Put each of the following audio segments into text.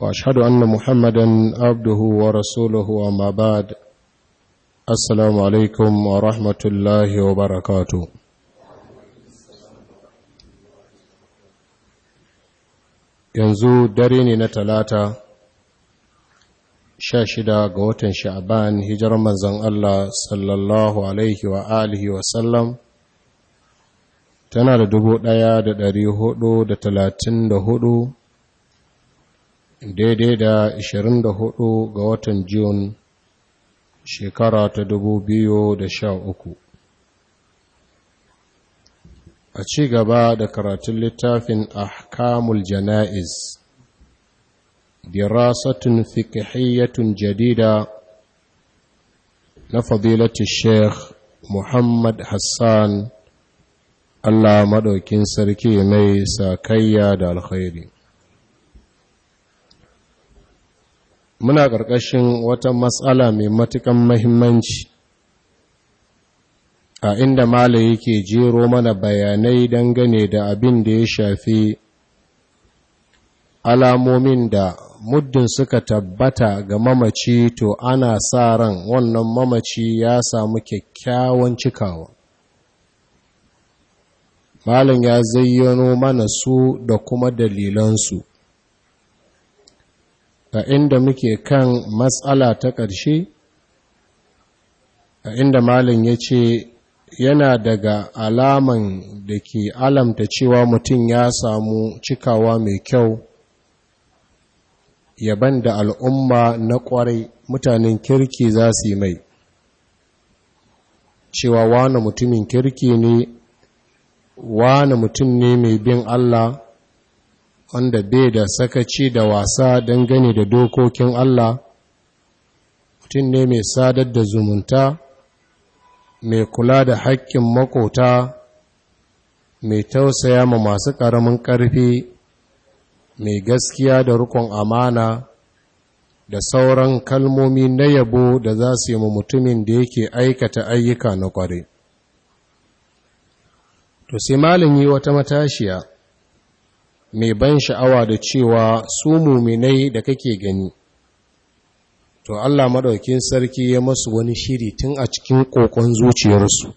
واشهد ان محمدا عبده ورسوله وما بعد السلام عليكم ورحمه الله وبركاته yanzu dare ne na talata sha shida ga watan sha'aban hijirar manzon Allah sallallahu alaihi wa wa sallam tana da dubu ɗaya da ɗari hudu da talatin da hudu daidai da 24 ga watan Jun shekara ta 2013. A ci gaba da karatun littafin Ahkamul Jana'iz, dirasatun fikihiyyatun jadida na fadilati Sheikh Muhammad Hassan Allah maɗaukin sarki mai sakayya da alkhairi. muna ƙarƙashin wata matsala mai matukan mahimmanci a inda mala yake jero mana bayanai dangane da abin da ya shafi alamomin da muddin suka tabbata ga mamaci to ana sa ran wannan mamaci ya samu kyakkyawan cikawa malin ya zayyano mana su da kuma dalilansu a inda muke kan matsala ta ƙarshe a inda malin ya ce yana daga alaman da ke alamta cewa mutum ya samu cikawa mai kyau yaban da al'umma na ƙwarai mutanen kirki za su yi mai cewa wane mutumin kirki ne wane mutum ne mai bin Allah wanda bai da sakaci da wasa don gani da dokokin Allah mutum ne mai sadar da zumunta mai kula da haƙƙin makota mai tausaya ma masu ƙaramin ƙarfi mai gaskiya da rukun amana da sauran kalmomi na yabo da za su yi mutumin da yake aikata ayyuka na ƙware. To sai malami yi wata matashiya mai ban sha'awa da cewa su muminai da kake gani to Allah maɗaukin sarki ya masu wani shiri tun a cikin kokon zuciyarsu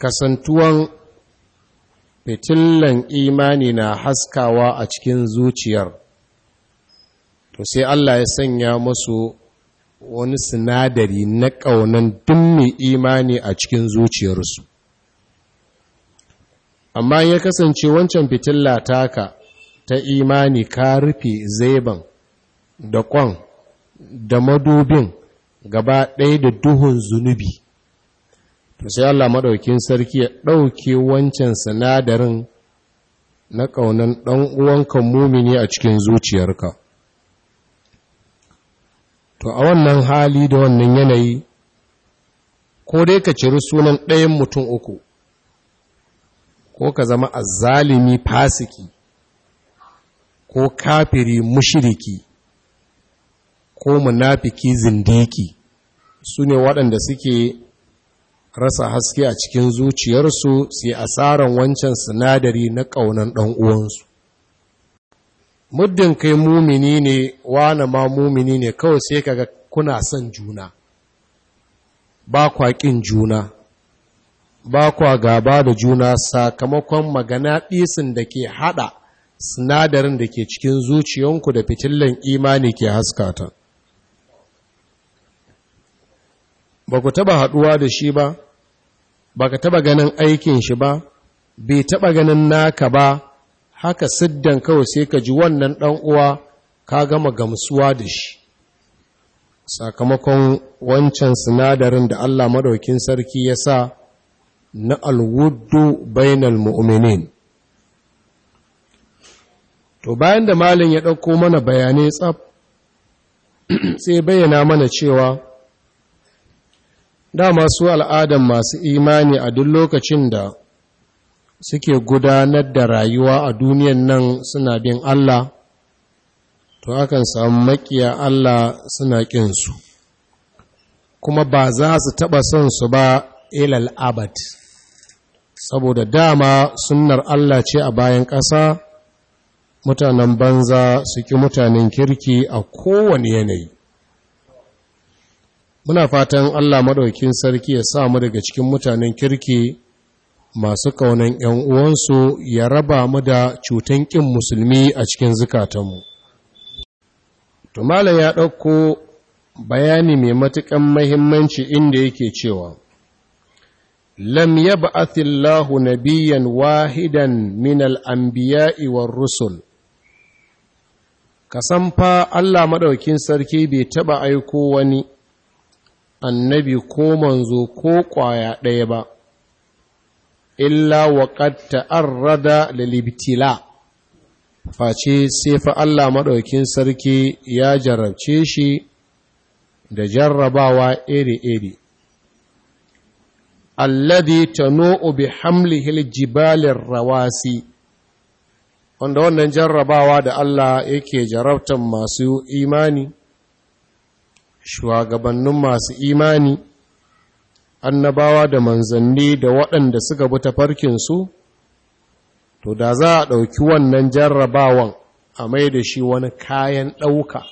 kasantuwan fitilan imani na haskawa a cikin zuciyar to sai Allah ya sanya masu wani sinadari na ƙaunan duk mai imani a cikin zuciyarsu amma ya kasance wancan fitilla taka ta imani ka rufe zeban da kwan da madubin gaba ɗaya da duhun zunubi to sai Allah maɗaukin sarki ya ɗauke wancan sinadarin na ƙaunan ɗan uwanka mumini a cikin zuciyarka to a wannan hali da wannan yanayi ko dai ka ciri sunan ɗayan mutum uku ko ka zama azzalimi fasiki ko kafiri mushiriki ko munafiki zindiki su ne waɗanda suke rasa haske a cikin zuciyarsu su yi asaran wancan sinadari na ƙaunan ɗanuwansu muddin kai mumini ne wane ma mumini ne kawai sai kaga kuna son juna ba kwaƙin juna ba kwa gaba da juna sakamakon magana ɗisin da ke haɗa sinadarin da ke cikin zuciyanku da fitillan imani ke haskata. Ba ku taɓa haɗuwa da shi ba, ba ka taɓa ganin aikin shi ba, bai taɓa ganin naka ba, haka siddan kawai sai ka ji wannan ɗan uwa ka gama gamsuwa da shi. Sakamakon wancan sinadarin da Allah Madaukin Sarki ya sa, na alwuddu bainal mu'minin to bayan da malin ya ɗauko mana bayanai tsab sai bayyana mana cewa dama su al'adan masu imani a duk lokacin da suke gudanar da rayuwa a duniyan nan suna bin Allah to akan samu makiya Allah suna ƙinsu kuma ba za su taɓa son su ba ilal abad saboda dama sunnar Allah ce a bayan ƙasa mutanen banza su ki mutanen kirki a kowane yanayi muna fatan Allah maɗaukin sarki ya samu daga cikin mutanen kirki masu ƙaunan ‘yan uwansu ya raba mu da cutan ƙin musulmi a cikin zukatanmu. Tumala ya ɗauko bayani mai matuƙan mahimmanci inda yake cewa, lam yab'ath na nabiyyan wahidan minal al-anbiya'i war rusul kasan fa Allah maɗaukin sarki bai taɓa aiko wani annabi ko manzo ko ƙwaya ɗaya ba illa wa qad ta'arrada lilibtila face sai fa Allah maɗaukin sarki ya jarabce shi da jarrabawa iri-iri alladhi tanu'u bi hamlihil rawasi wanda wannan jarrabawa da Allah yake jarabtan masu imani shugabannin masu imani annabawa da manzanni da waɗanda suka bi su to da za a ɗauki wannan jarrabawan a mai da shi wani kayan ɗauka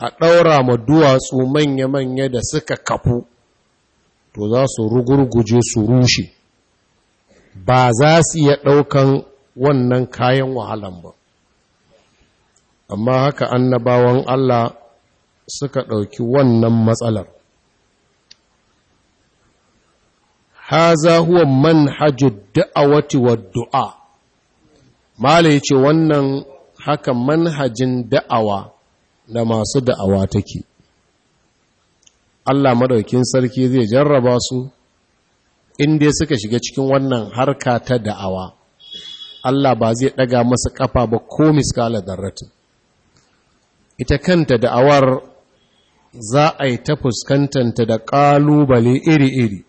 a ɗaura ma duwatsu manya-manya da suka kafu to za su rugurguje su rushe ba za su iya ɗaukan wannan kayan wahalan ba amma haka annabawan Allah suka ɗauki wannan matsalar Ha za huwa manhajud da'awati wa du'a mala yace wannan haka manhajin da'awa na masu da'awa take Allah madaukin sarki zai jarraba su inda suka shiga cikin wannan harka ta da'awa Allah ba zai daga masa kafa ba ko miskala darratin ita kanta da'awar za a yi ta fuskantanta da ƙalubale iri-iri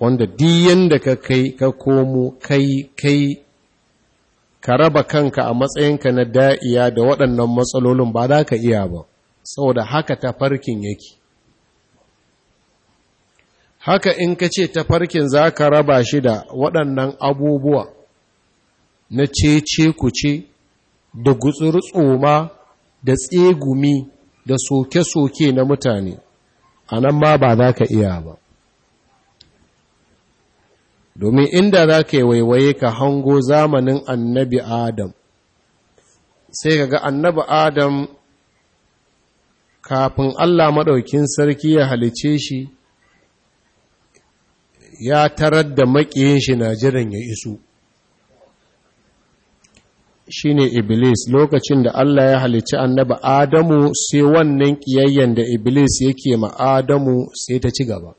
wanda diyan da ka kai ka komo kai kai ka raba kanka a matsayinka na da'iya da waɗannan matsalolin ba za ka iya ba saboda haka tafarkin yake haka in ka ce tafarkin za ka raba shi da waɗannan abubuwa na cece ce da gutsuru da tsegumi da soke-soke na mutane a nan ma ba za ka iya ba domin inda za ka yi waiwaye ka hango zamanin annabi adam sai ka ga annabi adam kafin Allah maɗaukin sarki ya halice shi ya tarar da maƙiyin shi na jiran ya iso shi ne Iblis lokacin da Allah ya halice annaba Adamu sai wannan ƙiyayyen da Iblis yake ma Adamu sai ta ci gaba.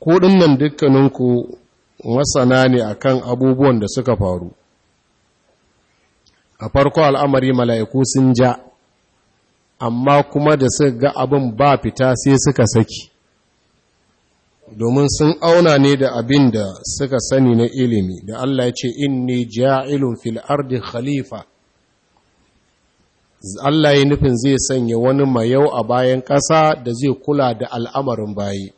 Kuɗin nan dukkaninku masana ne akan abubuwan da suka faru. A farko al'amari mala'iku sun ja, amma kuma da suka ga abin ba fita sai suka saki domin sun auna ne da abin da suka sani na ilimi da Allah ya ce inni ja'ilun fil ardi khalifa Allah ya nufin zai sanya wani mayau a bayan ƙasa da zai kula da al'amarin bayi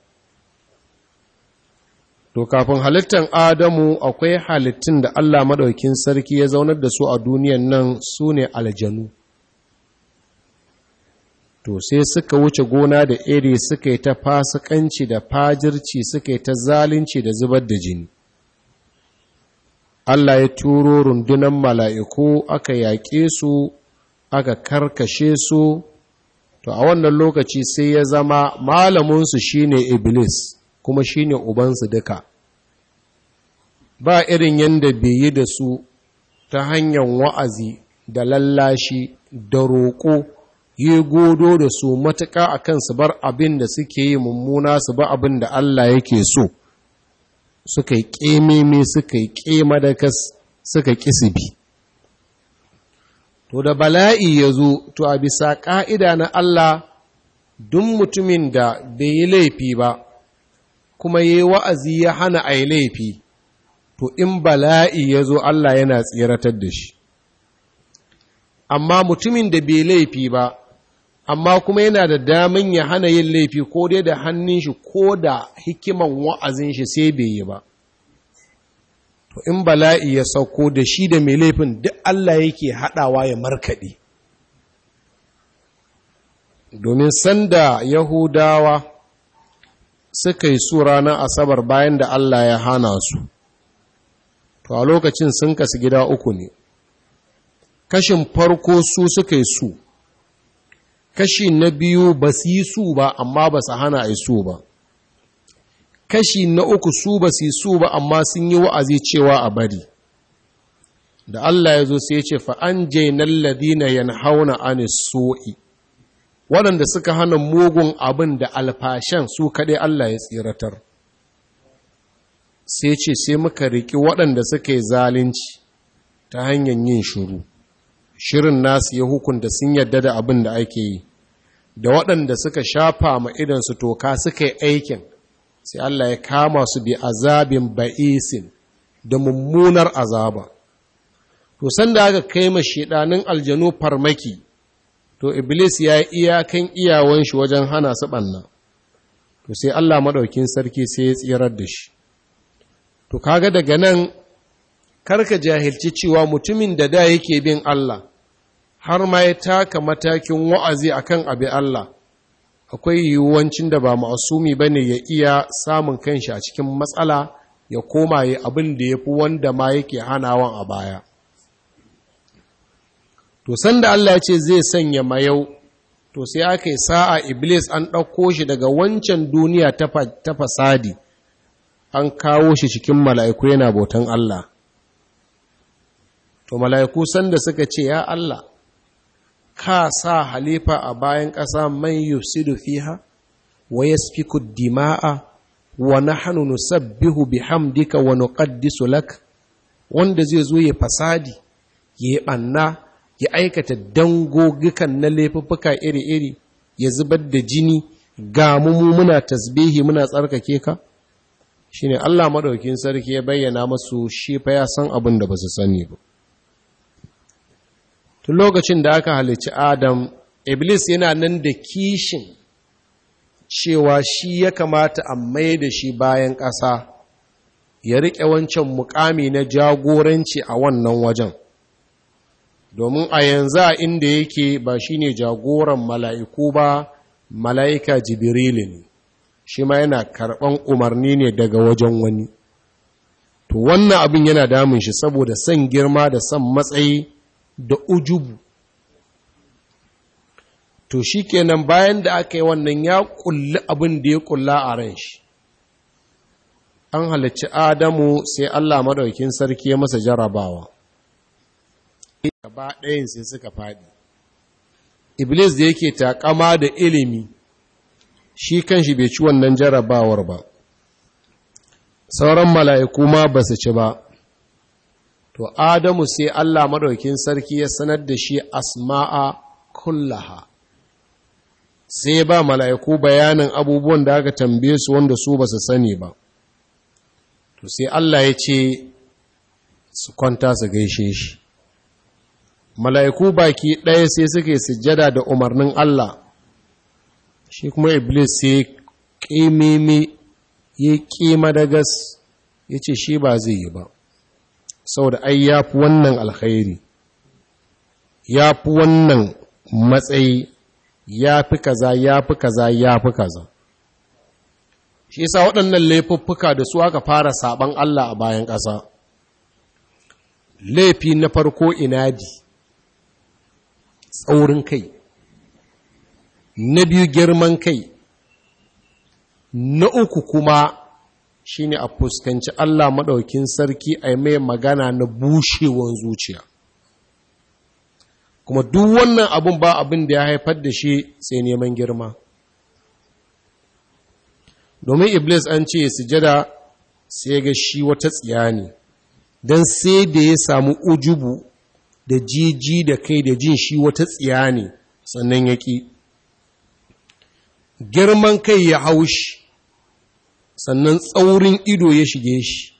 to kafin halittar Adamu akwai halittun da Allah maɗaukin sarki ya zaunar da su a duniyan nan su ne aljanu to sai suka wuce gona da iri suka yi ta fasikanci da fajirci suka yi ta zalunci da zubar da jini Allah ya turo rundunan mala'iku aka yaƙe su aka karkashe su to a wannan lokaci sai ya zama malaminsu shine iblis kuma shine ubansu duka ba irin yadda bai da su ta hanyar wa'azi da lallashi da roƙo yi godo da su matuka a kan su bar abin da suke yi mummuna su ba abin da Allah yake so suka yi ƙememe suka yi ƙemadakas suka ƙisibi to da bala'i ya zo to a bisa ƙa'ida na Allah duk mutumin da bai yi laifi ba kuma yi wa'azi ya hana a yi laifi to in bala'i ya zo Allah yana tsiratar da shi amma mutumin da bai laifi ba amma kuma yana da damin ya hana yin laifi ko dai da hannun shi ko da hikiman wa'azin shi sai bai yi ba to in bala'i ya sauko da shi da mai laifin duk Allah yake haɗawa ya markaɗe domin sanda yahudawa suka yi su ranar asabar bayan da Allah ya hana su to a lokacin sun kasu gida uku ne kashin farko su suka yi su kashi na biyu ba su yi su ba amma ba su hana a yi su ba kashi na uku su ba su yi su ba amma sun yi wa'azi cewa a bari da Allah ya zo sai ce fa'an jainan ladina yan hauna an so'i waɗanda suka hana mugun abin da alfashen su kaɗai Allah ya tsiratar sai ce sai muka riƙi waɗanda suka yi zalunci ta hanyar yin shuru shirin nasu ya hukunta sun yadda da abin da ake yi da waɗanda suka shafa ma idansu toka suka yi aikin sai Allah ya kama su bi azabin ba'isin da mummunar azaba to sanda aka kai ma shedanin aljanu farmaki to iblis ya yi iyakan iyawan shi wajen hana su banna, to sai Allah maɗaukin sarki sai ya tsirar da shi to kaga daga nan karka jahilci cewa mutumin da da yake bin Allah har ma ya taka matakin wa'azi a kan abi Allah akwai yiwuwancin da ba ma'asumi ne ya iya samun kanshi a cikin matsala ya koma yi abin da ya fi wanda ma yake hanawan a baya to sanda Allah ya ce zai sanya mayau to sai aka yi sa'a iblis an ɗauko shi daga wancan duniya ta fasadi an kawo shi cikin mala'iku yana bautan Allah to mala'iku sanda suka ce ya Allah ka sa halifa a bayan ƙasa mai yusidu fiha wa yasfiku dima'a wa nahnu nusabbihu bihamdika wa nuqaddisu lak wanda zai zo ya fasadi ya yi ɓanna ya aikata dangogikan na laifuffuka iri-iri ya zubar da jini ga mu muna tasbihi muna tsarkake ka shine Allah maɗaukin sarki ya bayyana masu shi fa ya san abin da ba su sani ba tun lokacin da aka halici adam iblis yana nan da kishin cewa shi ya kamata a mai da shi bayan ƙasa ya riƙe wancan mukami na jagoranci a wannan wajen domin a yanzu a inda yake ba shi ne jagoran mala'iku ba mala'ika jibirili ne shi ma yana karɓan umarni ne daga wajen wani to wannan abin yana damun shi saboda son girma da son matsayi da ujubu to shi kenan bayan da aka yi wannan ya kulli abin da ya kulla a ran shi an halarci adamu sai allah maɗaukin sarki ya masa jarabawa gaba ɗayan sai suka faɗi iblis da yake takama da ilimi shi kanshi bai ci wannan jarabawar ba sauran mala'iku ma ba su ci ba to adamu sai Allah maɗaukin sarki ya sanar da shi asma'a kullaha sai ba mala'iku bayanin abubuwan da aka tambaye su wanda su ba su sani ba to sai Allah ya ce su kwanta su gaishe shi mala'iku baki ɗaya sai suke sujjada da umarnin Allah shi kuma iblis sai ƙimimi ya ƙi Madagas ya ce shi ba zai yi ba saboda ai ya fi wannan alkhairi ya fi wannan matsayi ya fi kaza ya fi kaza ya fi kaza shi yasa waɗannan laifuffuka da su aka fara saban Allah a bayan ƙasa laifi na farko inadi tsaurin kai na biyu girman kai na uku kuma ne a fuskanci Allah maɗaukin sarki a yi mai magana na bushewan zuciya kuma duk wannan abun ba abin da ya haifar da shi sai neman girma domin iblis an ce sujada sai ga shi wata tsiya ne don sai da ya samu ujubu da jiji da kai da jin shi wata tsiya ne sannan ya ƙi girman kai ya haushi sannan tsaurin ido ya shige shi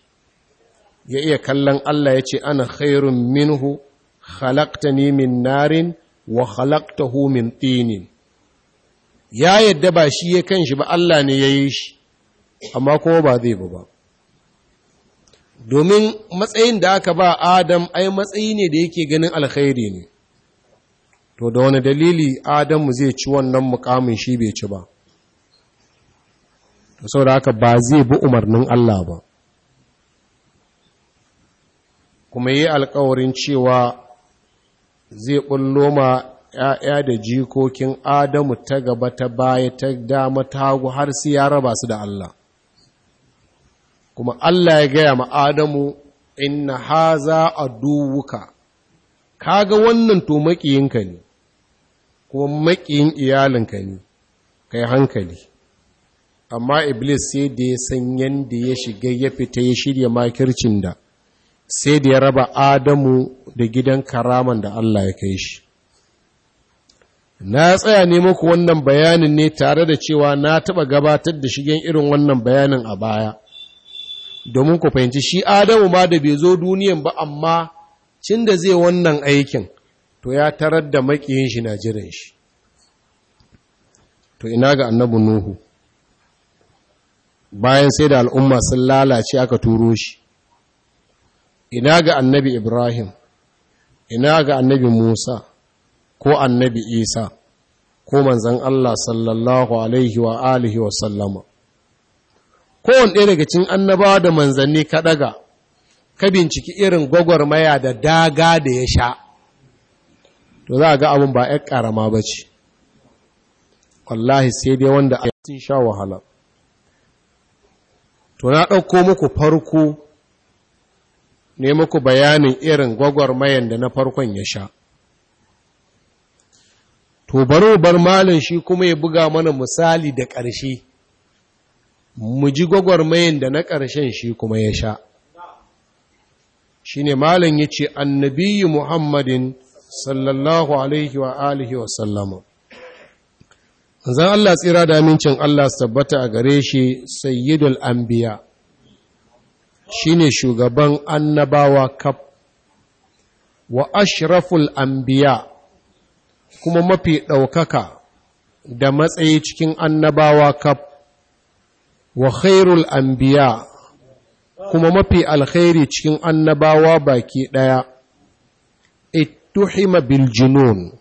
ya iya kallon Allah ya ce ana khairun minhu ne min narin wa hu min tinin ya yadda ba shi ya kan shi ba Allah ne ya yi shi amma ko ba zai ba domin matsayin da aka ba Adam ai matsayi ne da yake ganin alkhairi ne to da wani dalili Adamu zai ci wannan mukamin shi bai ci ba sau da haka ba zai bi umarnin Allah ba kuma yi alkawarin cewa zai ɓullo ma ‘ya'ya da jikokin Adamu ta gaba ta baya ta dama ta hagu har sai ya raba su da Allah. Kuma Allah ya gaya ma Adamu, Inna haza a duwuka, kaga wannan to maƙiyinka ne, kuma maƙiyin iyalinka ne, kai hankali. amma iblis sai da ya san yadda ya shiga ya fita ya shirya makircin da sai da ya raba adamu da gidan karaman da Allah ya kai shi na tsaya ne muku wannan bayanin ne tare da cewa na taɓa gabatar da shigen irin wannan bayanin a baya domin ku fahimci shi adamu ma da bai zo duniyan ba amma cin da zai wannan aikin to ya tarar da makiyin shi na jiran shi to ina ga annabi nuhu bayan sai da al'umma sun lalace aka turo shi ina ga annabi ibrahim ina ga annabi musa ko annabi isa ko manzan allah sallallahu alaihi wa alihi wa sallama kowane ɗaya daga cin annabawa da manzanni ka ɗaga ka binciki irin gwagwarmaya da daga da ya sha to za a ga abin ba ‘yar ƙarama ba ce wallahi sai dai wanda a sun sha wahala to na ɗauko muku farko ne muku bayanin irin gwagwarmayan da na farkon ya sha to bari bar malin shi kuma ya buga mana misali da ƙarshe mu ji gwagwarmayan da na ƙarshen shi kuma ya sha shi ne malin ya ce annabi muhammadin sallallahu alaihi wa alihi wa sallama zan Allah tsira da amincin Allah tabbata a gare shi sayyidul anbiya shine shugaban annabawa kaf wa ashraful anbiya kuma mafi ɗaukaka da matsayi cikin annabawa kaf wa khairul anbiya kuma mafi alkhairi cikin annabawa baki ɗaya ittuhima bil junun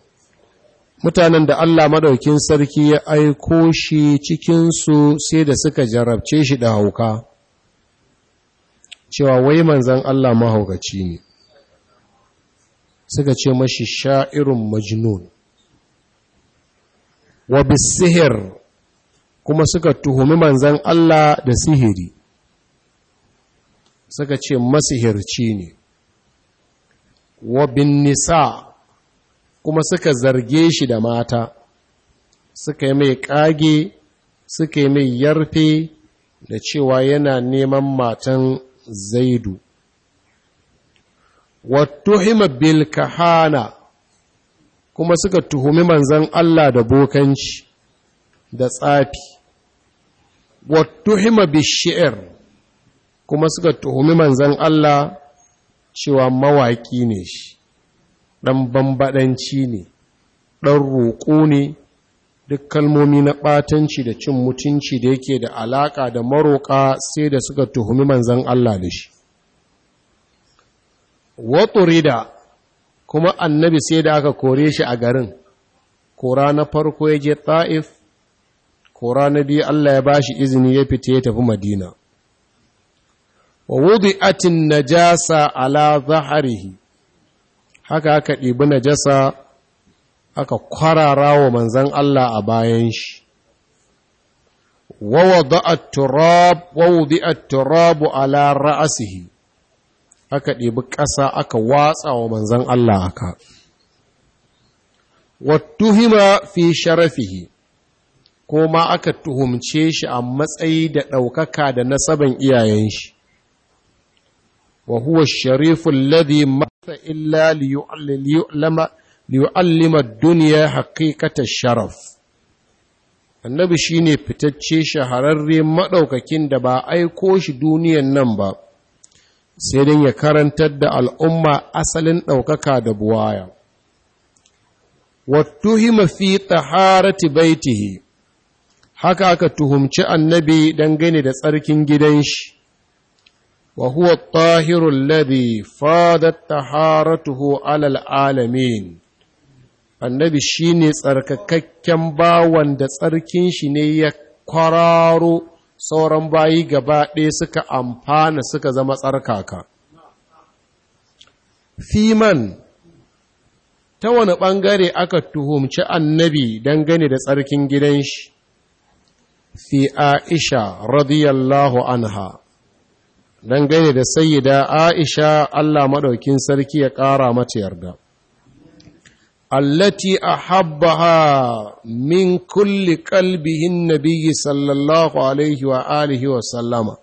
mutanen da Allah maɗaukin sarki ya aiko shi cikinsu sai da suka jarabce shi da hauka cewa wai manzan Allah mahaukaci ne suka ce mashi sha'irun majnun wa bisihir kuma suka tuhumi manzan Allah da sihiri suka ce masihirci ne wa bin nisa kuma suka zarge shi da mata suka yi mai kage, suka yi mai yarfe da cewa yana neman matan zaidu wato bil kahana kuma suka tuhumi manzan Allah da bokanci da tsafi wato hima bishiyar kuma suka tuhumi manzan Allah cewa mawaki ne shi ɗan bambaɗanci ne ɗan roƙo ne duk kalmomi na ɓatanci da cin mutunci da yake da alaƙa da maroƙa sai da suka tuhumi manzan Allah da shi waturida kuma annabi sai da aka kore shi a garin kora na farko ya je ta'if kora na biyu Allah ya ba shi izini ya fita ya tafi madina wa wudi'atin najasa ala zaharihi haka aka ɗibi na jasa, aka kwarara wa manzan Allah a bayan shi wawadi turabu ala ra'asihi aka ɗibi ƙasa aka watsa wa manzan Allah haka wattuhima fi sharafihi ma aka tuhumce shi a matsayi da ɗaukaka da nasaban iyayen shi wa huwa sharifun ladhi إلا ليعلم ليعلم الدنيا حقيقة الشرف annabi shi ne fitacce shahararre maɗaukakin da ba aiko shi duniyan nan ba sai don ya karantar da al'umma asalin ɗaukaka da buwaya wattuhima fi taharati baitihi haka aka tuhumci annabi dangane da tsarkin gidan shi وهو الطاهر الذي فادت طهارته alal العالمين annabi shi ne tsarkakakken bawan da tsarkin shi ne ya kwararo sauran bayi gaba ɗaya suka amfana suka zama tsarkaka fiman ta wani ɓangare aka tuhumci annabi dangane da tsarkin gidan shi fi aisha radiyallahu anha dangane da sayyida Aisha Allah maɗaukin sarki ya ƙara mata yarda allati a ha min kulli qalbihin nabiyyi sallallahu alaihi wa alihi wa sallama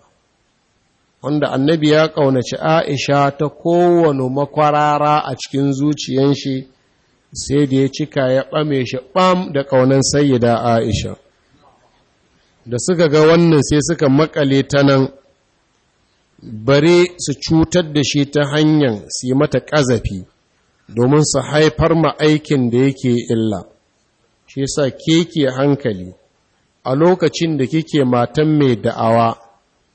wanda annabi ya ƙaunaci Aisha ta kowane makwarara a cikin zuciyan shi sai da ya cika ya ɓame shi ɓam da ƙaunan sayyida Aisha da suka ga wannan sai suka makale ta nan bare su cutar da shi ta hanyar su yi mata ƙazafi domin su haifar ma aikin da yake illa shi ke keke hankali a lokacin da kike matan mai da'awa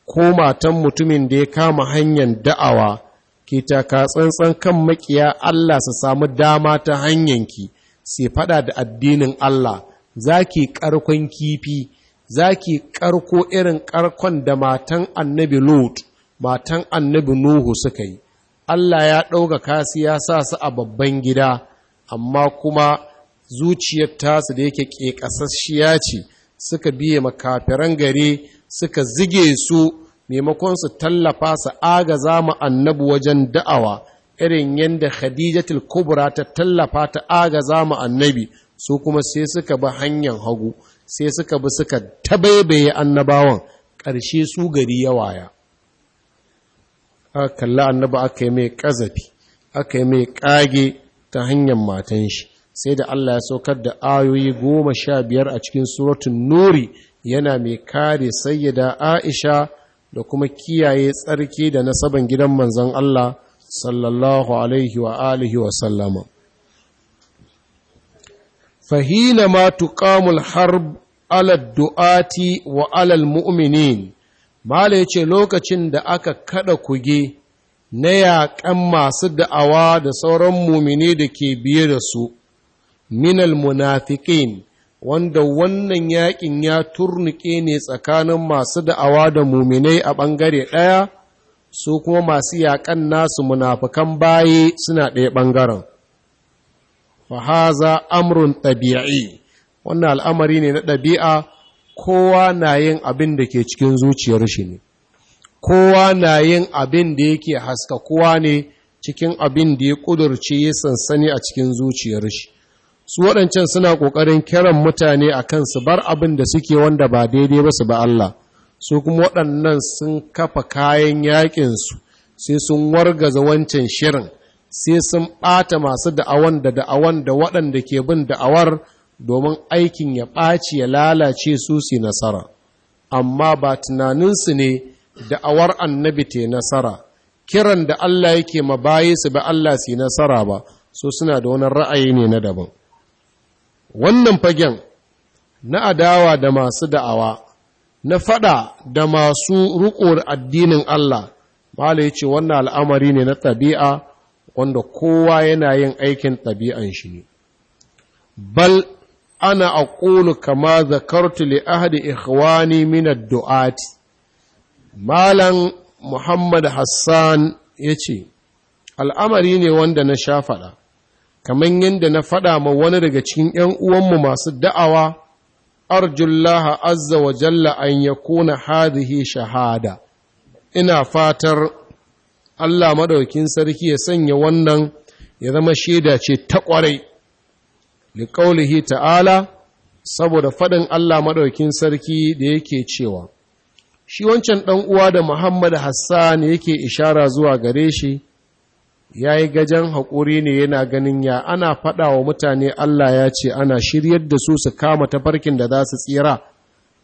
ko matan mutumin da ya kama hanyar da'awa ke taka tsantsan kan makiya Allah su samu dama ta hanyanki sai fada da addinin Allah za zaki karkon kifi za zaki karko irin karkon da matan annabi Lot matan annabi Nuhu suka yi, Allah ya ɗauka kasi ya sa su a babban gida, amma kuma zuciyar tasu da yake ƙeƙasasshiya ce suka biye makafiran gare suka zige su maimakon su tallafa su agaza mu annabi wajen da'awa irin yadda khadijatul kubra ta tallafa ta agaza mu annabi su kuma sai suka bi hanyar hagu sai suka bi suka tabaibaye annabawan ƙarshe su gari ya waya aka kalla annaba aka yi mai ƙazafi aka yi mai ƙage ta hanyar matan shi sai da Allah ya saukar da ayoyi goma sha biyar a cikin suratun nuri yana mai kare sayyada aisha da kuma kiyaye tsarki da nasaban gidan manzon Allah sallallahu alaihi wa alihi wa sallama fahina ma tuqamul harb ala du'ati wa ala al mu'minin Mala ya ce lokacin da aka kada kuge na yaƙan masu da'awa da sauran mumini da ke biye da su, minal munafikin wanda wannan yaƙin ya turnuƙe ne tsakanin masu da'awa da muminai a ɓangare ɗaya, su kuma masu yaƙan nasu munafikan baye suna ɗaya ɓangaren. Fahaza amrun ɗabi'i, wannan al'amari ne na ɗabi'a. kowa na yin abin da ke cikin zuciyar shi ne kowa na yin abin da yake haska kowa ne cikin abin da ya kudurce ya sansani a cikin zuciyar shi su waɗancan suna ƙoƙarin kiran mutane a kan su bar abin da suke wanda ba daidai ba su ba Allah su kuma waɗannan sun kafa kayan yaƙinsu sai sun wargaza wancan shirin sai sun ɓata masu da'awan da da'awan da waɗanda ke bin da'awar domin aikin ya ɓaci ya lalace su su nasara amma ba tunaninsu ne da'awar annabi te nasara kiran da Allah yake mabaye su ba Allah su nasara ba so suna da wani ra'ayi ne na daban wannan fagen na adawa da masu da'awa na fada da masu riƙo addinin Allah mala ya ce wannan al'amari ne na tabi'a wanda kowa yana yin aikin tabi'an shi bal ana aqulu kama zakartu li ahadi ikhwani min ad-du'ati malam muhammad hassan yace al'amari ne wanda na sha faɗa kamar yadda na faɗa ma wani daga cikin ‘yan uwanmu masu da'awa, arjullaha azza jalla an ya kuna hadhihi shahada, ina fatar Allah maɗaukin sarki ya sanya wannan ya zama shaida ce ta ƙwarai. liƙaulihi ta'ala saboda faɗin Allah maɗaukin sarki da yake cewa, Shi wancan ɗan uwa da Muhammad Hassan yake ishara zuwa gare shi, ya yi gajen haƙuri ne yana ganin ya ana faɗa wa mutane Allah ya ce ana shiryar da su su kama tafarkin da za su tsira,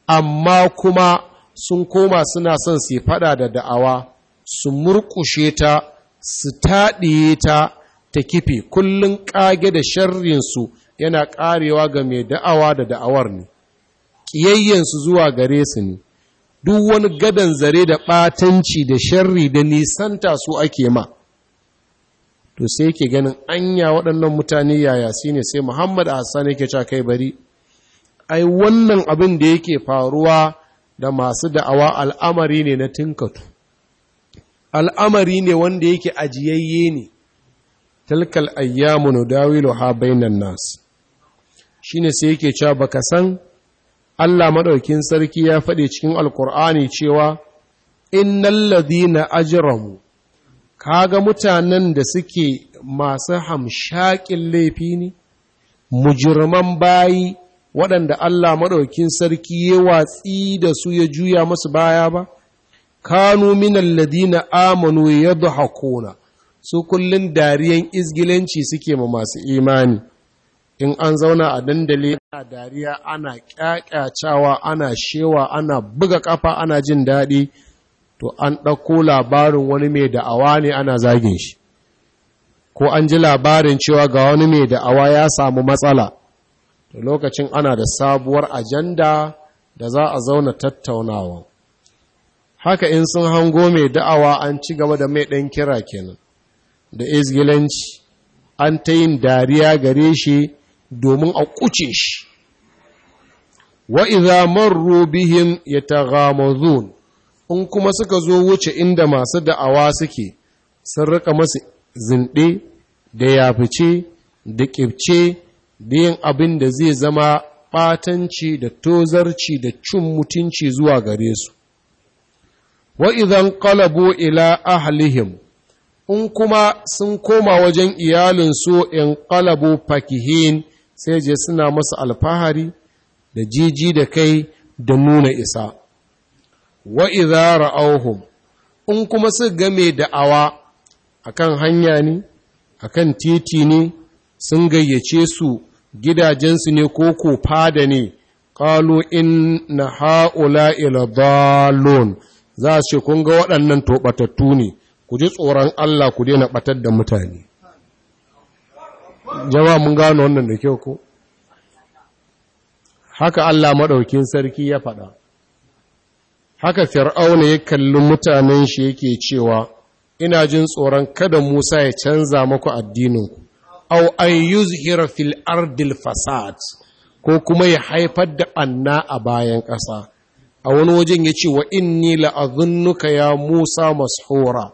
amma kuma sun koma suna son su faɗa da da'awa, su murƙushe ta, su taɗiye ta, ta kife, kullum ƙage da sharrinsu. yana ƙarewa ga mai da'awa da da'awar ne ƙiyayyensu zuwa gare su ne duk wani gadon zare da ɓatanci da sharri da nisanta su ake ma to sai ke ganin anya waɗannan mutane yaya su ne sai muhammad hassan yake ca kai bari ai wannan abin da yake faruwa da masu da'awa al'amari ne na tinkatu al'amari ne wanda yake ajiyayye ne talkal ayyamu dawilu ha bainan nasu. shine sai yake cewa baka san Allah maɗaukin sarki ya faɗi cikin alkur'ani cewa innal ladina ajramu kaga mutanen da suke masu hamshakin laifi ne mujirman bayi waɗanda Allah maɗaukin sarki ya watsi da su ya juya masu baya ba kanu minal ladina amanu yadhakuna su kullum dariyan izgilanci suke ma masu imani in an zauna a dandali ana dariya ana ƙyaƙyacawa ana shewa ana buga ƙafa ana jin daɗi to an ɗauko labarin wani mai da'awa ne ana zagin shi ko an ji labarin cewa ga wani mai da'awa ya samu matsala to lokacin ana da sabuwar ajanda da za a zauna tattaunawa haka in sun hango mai da'awa an ci gaba da mai ɗan kira kenan da izgilanci an ta yin dariya gare shi domin a kuce shi wa idza marru bihim yataghamazun in kuma suka zo wuce inda masu da'awa suke sun rika masu zinde da yafice da kibce da yin abin da zai zama batanci da tozarci da cin mutunci zuwa gare su wa idan qalabu ila ahlihim in kuma sun koma wajen iyalin su in qalabu fakihin sai je suna masa alfahari da jiji da kai da nuna isa wa idza ra'awhum in kuma su game da'awa akan hanya ne akan titi ne sun gayyace su gidajensu ne ko ko fada ne qalu inna ha'ula'i ladallun za su ce kun ga waɗannan tobatattu ne ku ji tsoron Allah ku daina batar da mutane jama'a mun gano wannan da kyau ko haka Allah maɗaukin sarki ya faɗa haka fir'auna ya kalli mutanen shi yake cewa ina jin tsoron kada Musa ya canza muku addininku au ay yuzhira fil ardil fasad ko kuma ya haifar da anna a bayan ƙasa a wani wajen ya ce wa inni la'azunnuka ya Musa mashura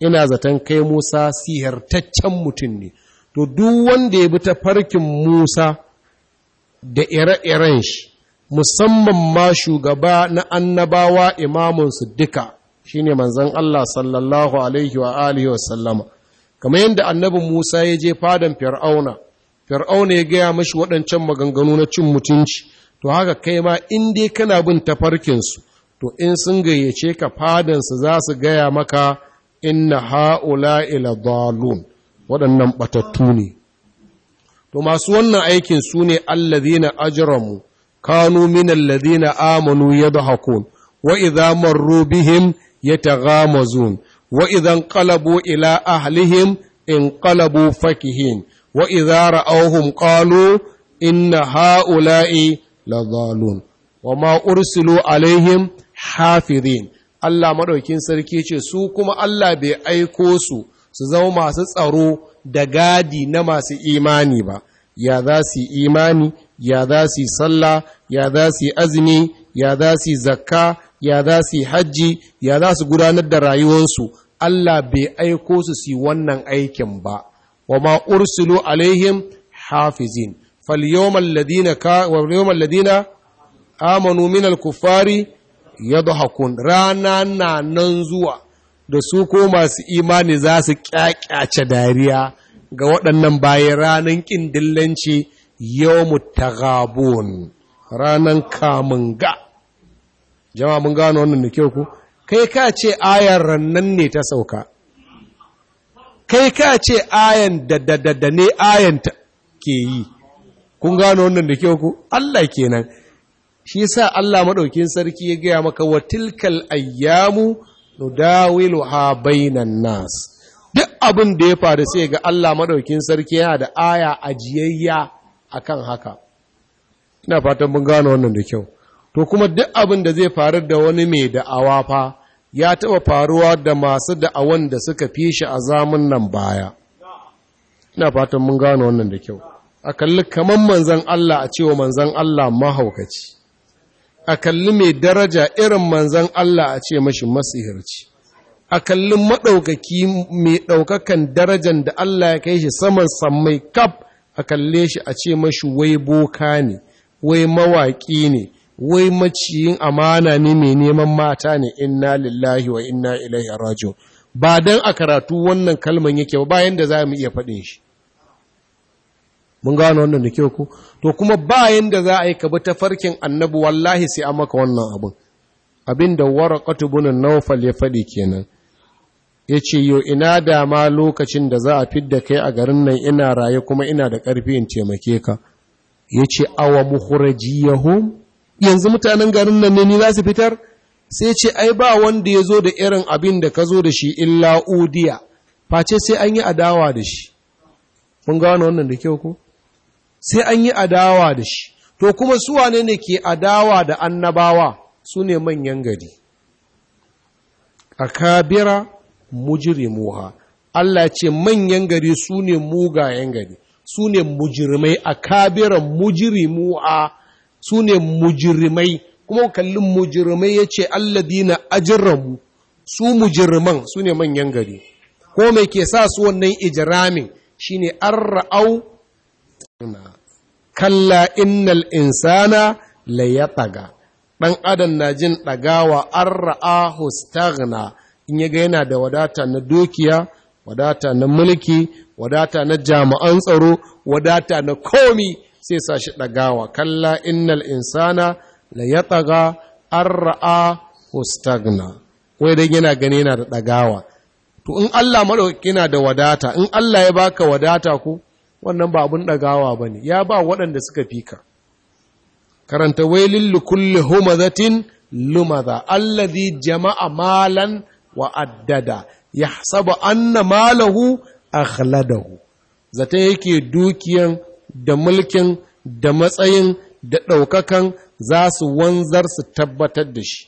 ina zaton kai Musa sihirtaccen mutum ne to duk wanda ya bi ta farkin Musa da ire-iren shi musamman ma shugaba na annabawa imamunsu duka shine manzon Allah sallallahu alaihi wa alihi wa sallama kamar yadda annabin Musa ya je fadan Fir'auna Fir'auna ya gaya mashi waɗancan maganganu na cin mutunci to haka kai ma in dai kana bin tafarkinsu to in sun gayyace ka fadansu za su gaya maka inna ha'ula ila dalun waɗannan ɓatattu ne to masu wannan aikin su ne allazina ajramu kanu min allazina amanu yadhakun wa idza marru bihim yataghamazun wa idza qalabu ila ahlihim inqalabu fakihin wa idza ra'awhum qalu inna ha'ula'i ladhalun wa ma ursilu alaihim hafizin Allah madaukin sarki ce su kuma Allah bai aiko su su zama masu tsaro da gadi na masu imani ba ya za su imani ya za su sallah ya za su azumi ya za su zakka ya za su hajji ya za su gudanar da rayuwarsu Allah bai aiko su su wannan aikin ba wa ma ursulu alaihim hafizin falyawmal ladina ka amanu minal kufari yadhakun rana na nan zuwa da su ko masu imani za su ƙyaƙyace dariya ga waɗannan bayan ranar ƙin dillanci yau gabon ranar kamun ga jama'a mun gano wannan da kyau ku kai ka ce ayar rannan ne ta sauka kai ka ce ayan da da ne ayan ta ke yi kun gano wannan da kyau ku Allah kenan shi sa Allah maɗaukin sarki ya gaya maka wa tilkal ayyamu nudawiluha bainan nas duk abin da ya faru sai ga Allah madaukin sarki yana da aya ajiyayya akan haka ina fatan mun gano wannan da kyau to kuma duk abin da zai faru da wani mai da'awa fa ya taba faruwa da masu da'awan da suka fi shi a zamun nan baya ina fatan mun gano wannan da kyau a kalli kaman manzon Allah a cewa manzon Allah mahaukaci a kalli mai daraja irin manzan Allah a ce mashi masihirci a kalli maɗaukaki mai ɗaukakan darajan da Allah ya kai shi saman sammai kaf a kalle shi a ce mashi wai boka ne wai mawaƙi ne wai maciyin amana ne mai neman mata ne inna lillahi wa inna ilaihi ba don a karatu wannan kalman yake ba bayan da za mu iya faɗin shi mun gano wannan da kyau ko to kuma bayan da za a yi ka bi tafarkin annabi wallahi sai an maka wannan abin abin da waraqatu ibn nawfal ya faɗi kenan yace yo ina da ma lokacin da za a fidda kai a garin nan ina raye kuma ina da ƙarfi in taimake ka yace awa mukhrajiyahum yanzu mutanen garin nan ne ni za su fitar sai ce ai ba wanda ya zo da irin abin da ka zo da shi illa udiya face sai an yi adawa da shi mun gano wannan da kyau ko sai an yi adawa da shi to kuma wane ne ke adawa da annabawa su ne manyan gari akabira mujrimuha Allah ce manyan gari su ne mugayen gari su ne mujirmai akabira mujrimuha su ne mujirmai kuma kallin mujirmai ya ce Allah dina ajirramu su mujirman su ne manyan gari ko mai ke sa su wannan ijiramin Shi ne an ra'au kalla innal insana la yataga dan adam na jin ɗagawa an ra'ahu staghna in ya ga yana da wadata na dukiya wadata na mulki wadata na jami'an tsaro wadata na komi sai sa shi ɗagawa kalla innal insana la yataga an ra'ahu staghna wai dan yana gani yana da ɗagawa to in Allah madaukaki yana da wadata in Allah ya baka wadata ku wannan ba abin ɗagawa ba ne ya ba waɗanda suka fi ka karanta wailin likulli humazatin lumaza allazi jama'a malan wa addada ya saba anna malahu akhladahu zata yake dukiyan da mulkin da matsayin da ɗaukakan za su wanzar su tabbatar da shi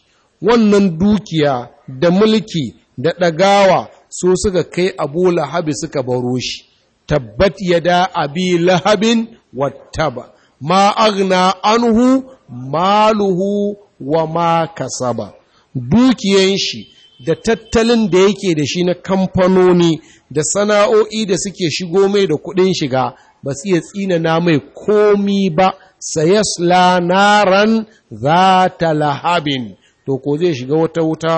wannan dukiya da mulki da ɗagawa so suka kai abu lahabi suka baro shi tabbat yada abi lahabin wattaba ma aghna anhu maluhu wa ma kasaba dukiyan shi da tattalin da yake da shi na kamfanoni da sana'o'i da suke shigo mai da kuɗin shiga ba su iya tsinana mai komi ba sayasla naran za ta lahabin to ko zai shiga wata wuta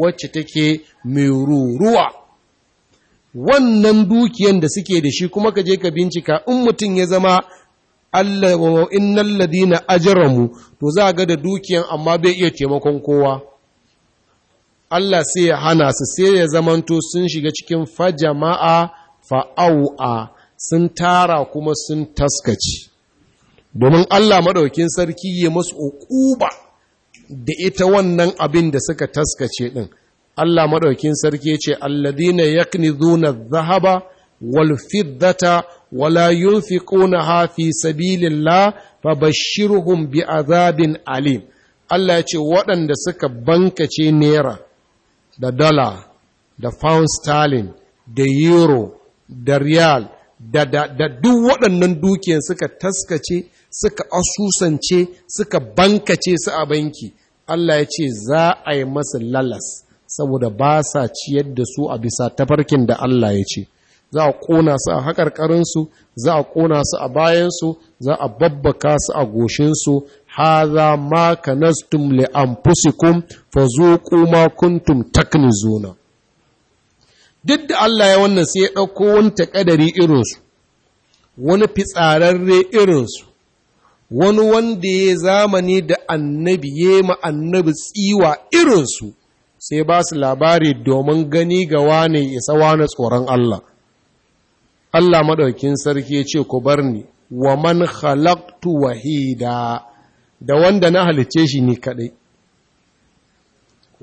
wacce take mai ruruwa wannan dukiyan da suke da shi kuma ka je ka bincika in mutum ya zama Allah wa innal ladina ajramu to za ga da dukiyan amma bai iya taimakon kowa Allah sai ya hana su sai ya zamanto sun shiga cikin fajama'a fa'au'a sun tara kuma sun taskaci domin Allah maɗaukin sarki ya masu ƙuba da ita wannan abin da suka taskace ɗin Allah maɗaukin sarki ce alladina yaknizuna dhahaba zahaba fiddata wala yunfiqunaha fi sabilillah a zabin alim Allah ya ce waɗanda suka bankace naira da dala da pound sterling da euro da riyal da, duk waɗannan dukiyan suka taskace suka asusance suka bankace su a banki Allah ya ce za a yi masa lalas saboda ba sa ciyar da su a bisa tafarkin da Allah ya ce za a ƙona su a haƙarƙarinsu za a ƙona su a bayansu za a babbaka su a goshinsu haza ma nastum li fa fazuqu ma kuntum zuna duk da Allah ya wannan sai ya ɗauko wani ƙadari irinsu wani fitsararre irinsu wani wanda ya zamani da annabi ya ma annabi tsiwa irinsu sai ba su labari domin gani ga wane isa wane tsoron Allah Allah maɗaukin sarki ya ce ku bar ni wa man wa wahida da wanda na halice shi ni kaɗai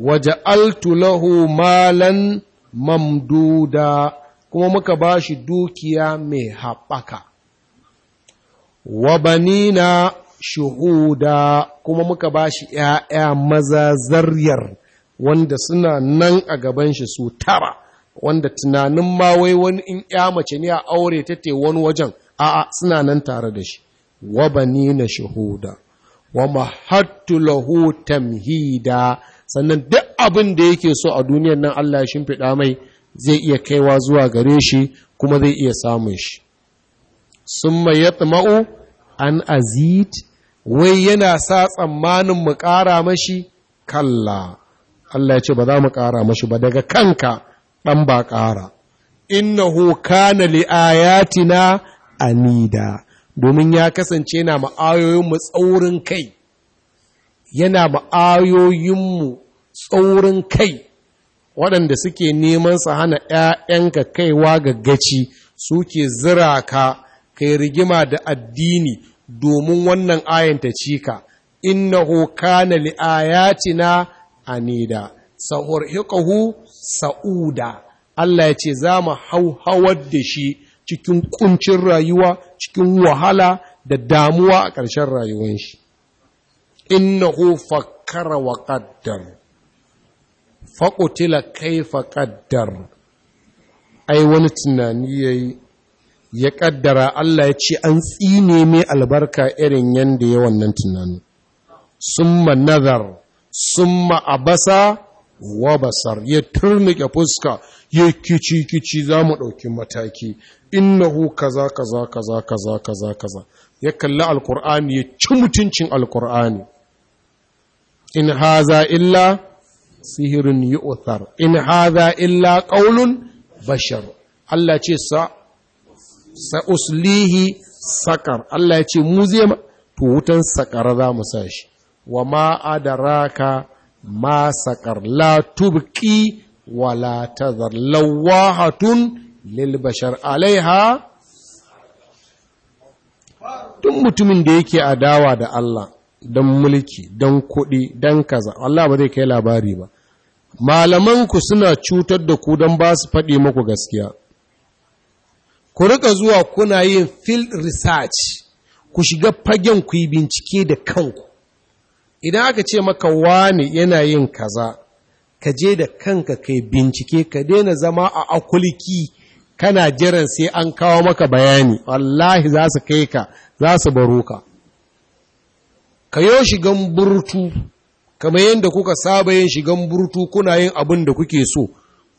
waja'altu lahu malan mamduda kuma muka ba shi dukiya mai haɓaka wa banina shuhuda kuma muka ba shi ‘ya'ya maza zaryar wanda suna nan a gaban shi su tara wanda tunanin ma wai wani in ya mace ne a aure ta te wani wajen a'a suna nan tare da shi wa bani na shahuda wa mahattu lahu tamhida sannan duk abin da yake so a duniyar nan Allah ya shimfiɗa mai zai iya kaiwa zuwa gare shi kuma zai iya samun shi summa yatma'u an azid wai yana sa tsammanin mu ƙara mashi kalla Allah ya ce ba za mu ƙara mashi ba daga kanka ɗan ba ƙara innahu kana li ayatina anida domin ya kasance na ma'ayoyinmu tsaurin kai yana ma'ayoyinmu tsaurin kai waɗanda suke neman sa hana ‘ya'yanka kaiwa ga gaci suke zira ka kai rigima da addini domin wannan ayanta cika innahu kana li ayatina anida sa'urhiqahu sa'uda Allah ya ce za mu hauhawar da shi cikin kuncin rayuwa cikin wahala da damuwa a ƙarshen rayuwar shi innahu fakkara wa qaddar faƙutila kaifa qaddar ai wani tunani yayi ya ƙaddara Allah ya ce an tsine mai albarka irin yanda ya wannan tunani summa nazar Sun ma'abasa wa basar ya turnike fuska ya kici kici za mu ɗauki mataki innahu kaza kaza kaza kaza kaza kaza ya kalli alkur'ani ya ci mutuncin alkur'ani in haza illa sihirin yu'thar in haza illa ƙaunun bashar Allah ce sa sa uslihi sakar Allah ya ce mu zai to wutan sakara za mu sa shi wa ma adaraka ma saƙar la tubki wa la tazar lawahatun lil bashar alaiha duk mutumin da yake adawa da Allah don mulki don kuɗi don kaza Allah ba zai kai labari ba malamanku suna cutar da ku don ba su faɗi maku gaskiya ku rika zuwa kuna yin field research ku shiga fagen ku yi bincike da kanku idan aka ce maka wani yana yin kaza ka je da kanka kai bincike ka daina zama a akuliki kana jiran sai an kawo maka bayani wallahi za su kai ka za su baro ka ka yo shigan burtu kamar yadda kuka saba yin shigan burtu kuna yin abin da kuke so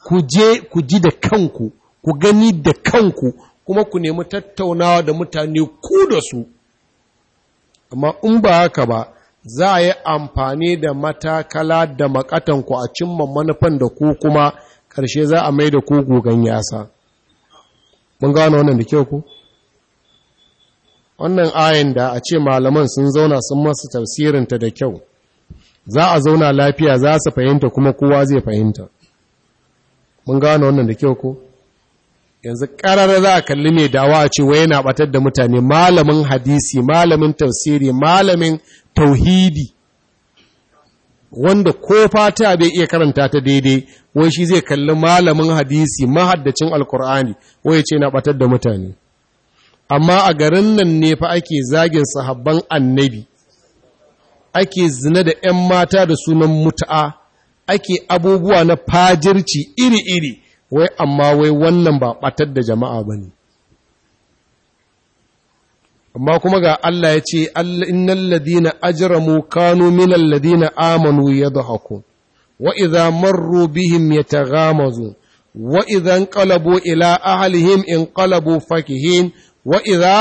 ku je ku ji da kanku ku gani da kanku kuma ku nemi tattaunawa da mutane ku da su amma in ba haka ba za a yi amfani da matakala da makatanku a cimma manufan da ku kuma ƙarshe za a mai da ku gugan yasa mun gano wannan da kyau ku wannan ayin da a ce malaman sun zauna sun masu tafsirinta da kyau za a zauna lafiya za su fahimta kuma kowa zai fahimta mun gano wannan da kyau ko yanzu ƙararra za a kalli mai dawa a ce wai yana batar da mutane malamin hadisi malamin tafsiri malamin tauhidi wanda ko fata bai iya karanta ta daidai wai shi zai kalli malamin hadisi mahaddacin alkur'ani wai ce na batar da mutane amma a garin nan ne fa ake zagin sahabban annabi ake zina da 'yan mata da sunan mut'a ake abubuwa na fajirci iri-iri wai amma wai wannan ba ɓatar da jama'a ba ne amma kuma ga Allah ya ce innal ladina ajramu kanu minal ladina amanu yadhakun wa idza marru bihim yataghamazu wa idza inqalabu ila in inqalabu fakihin wa idza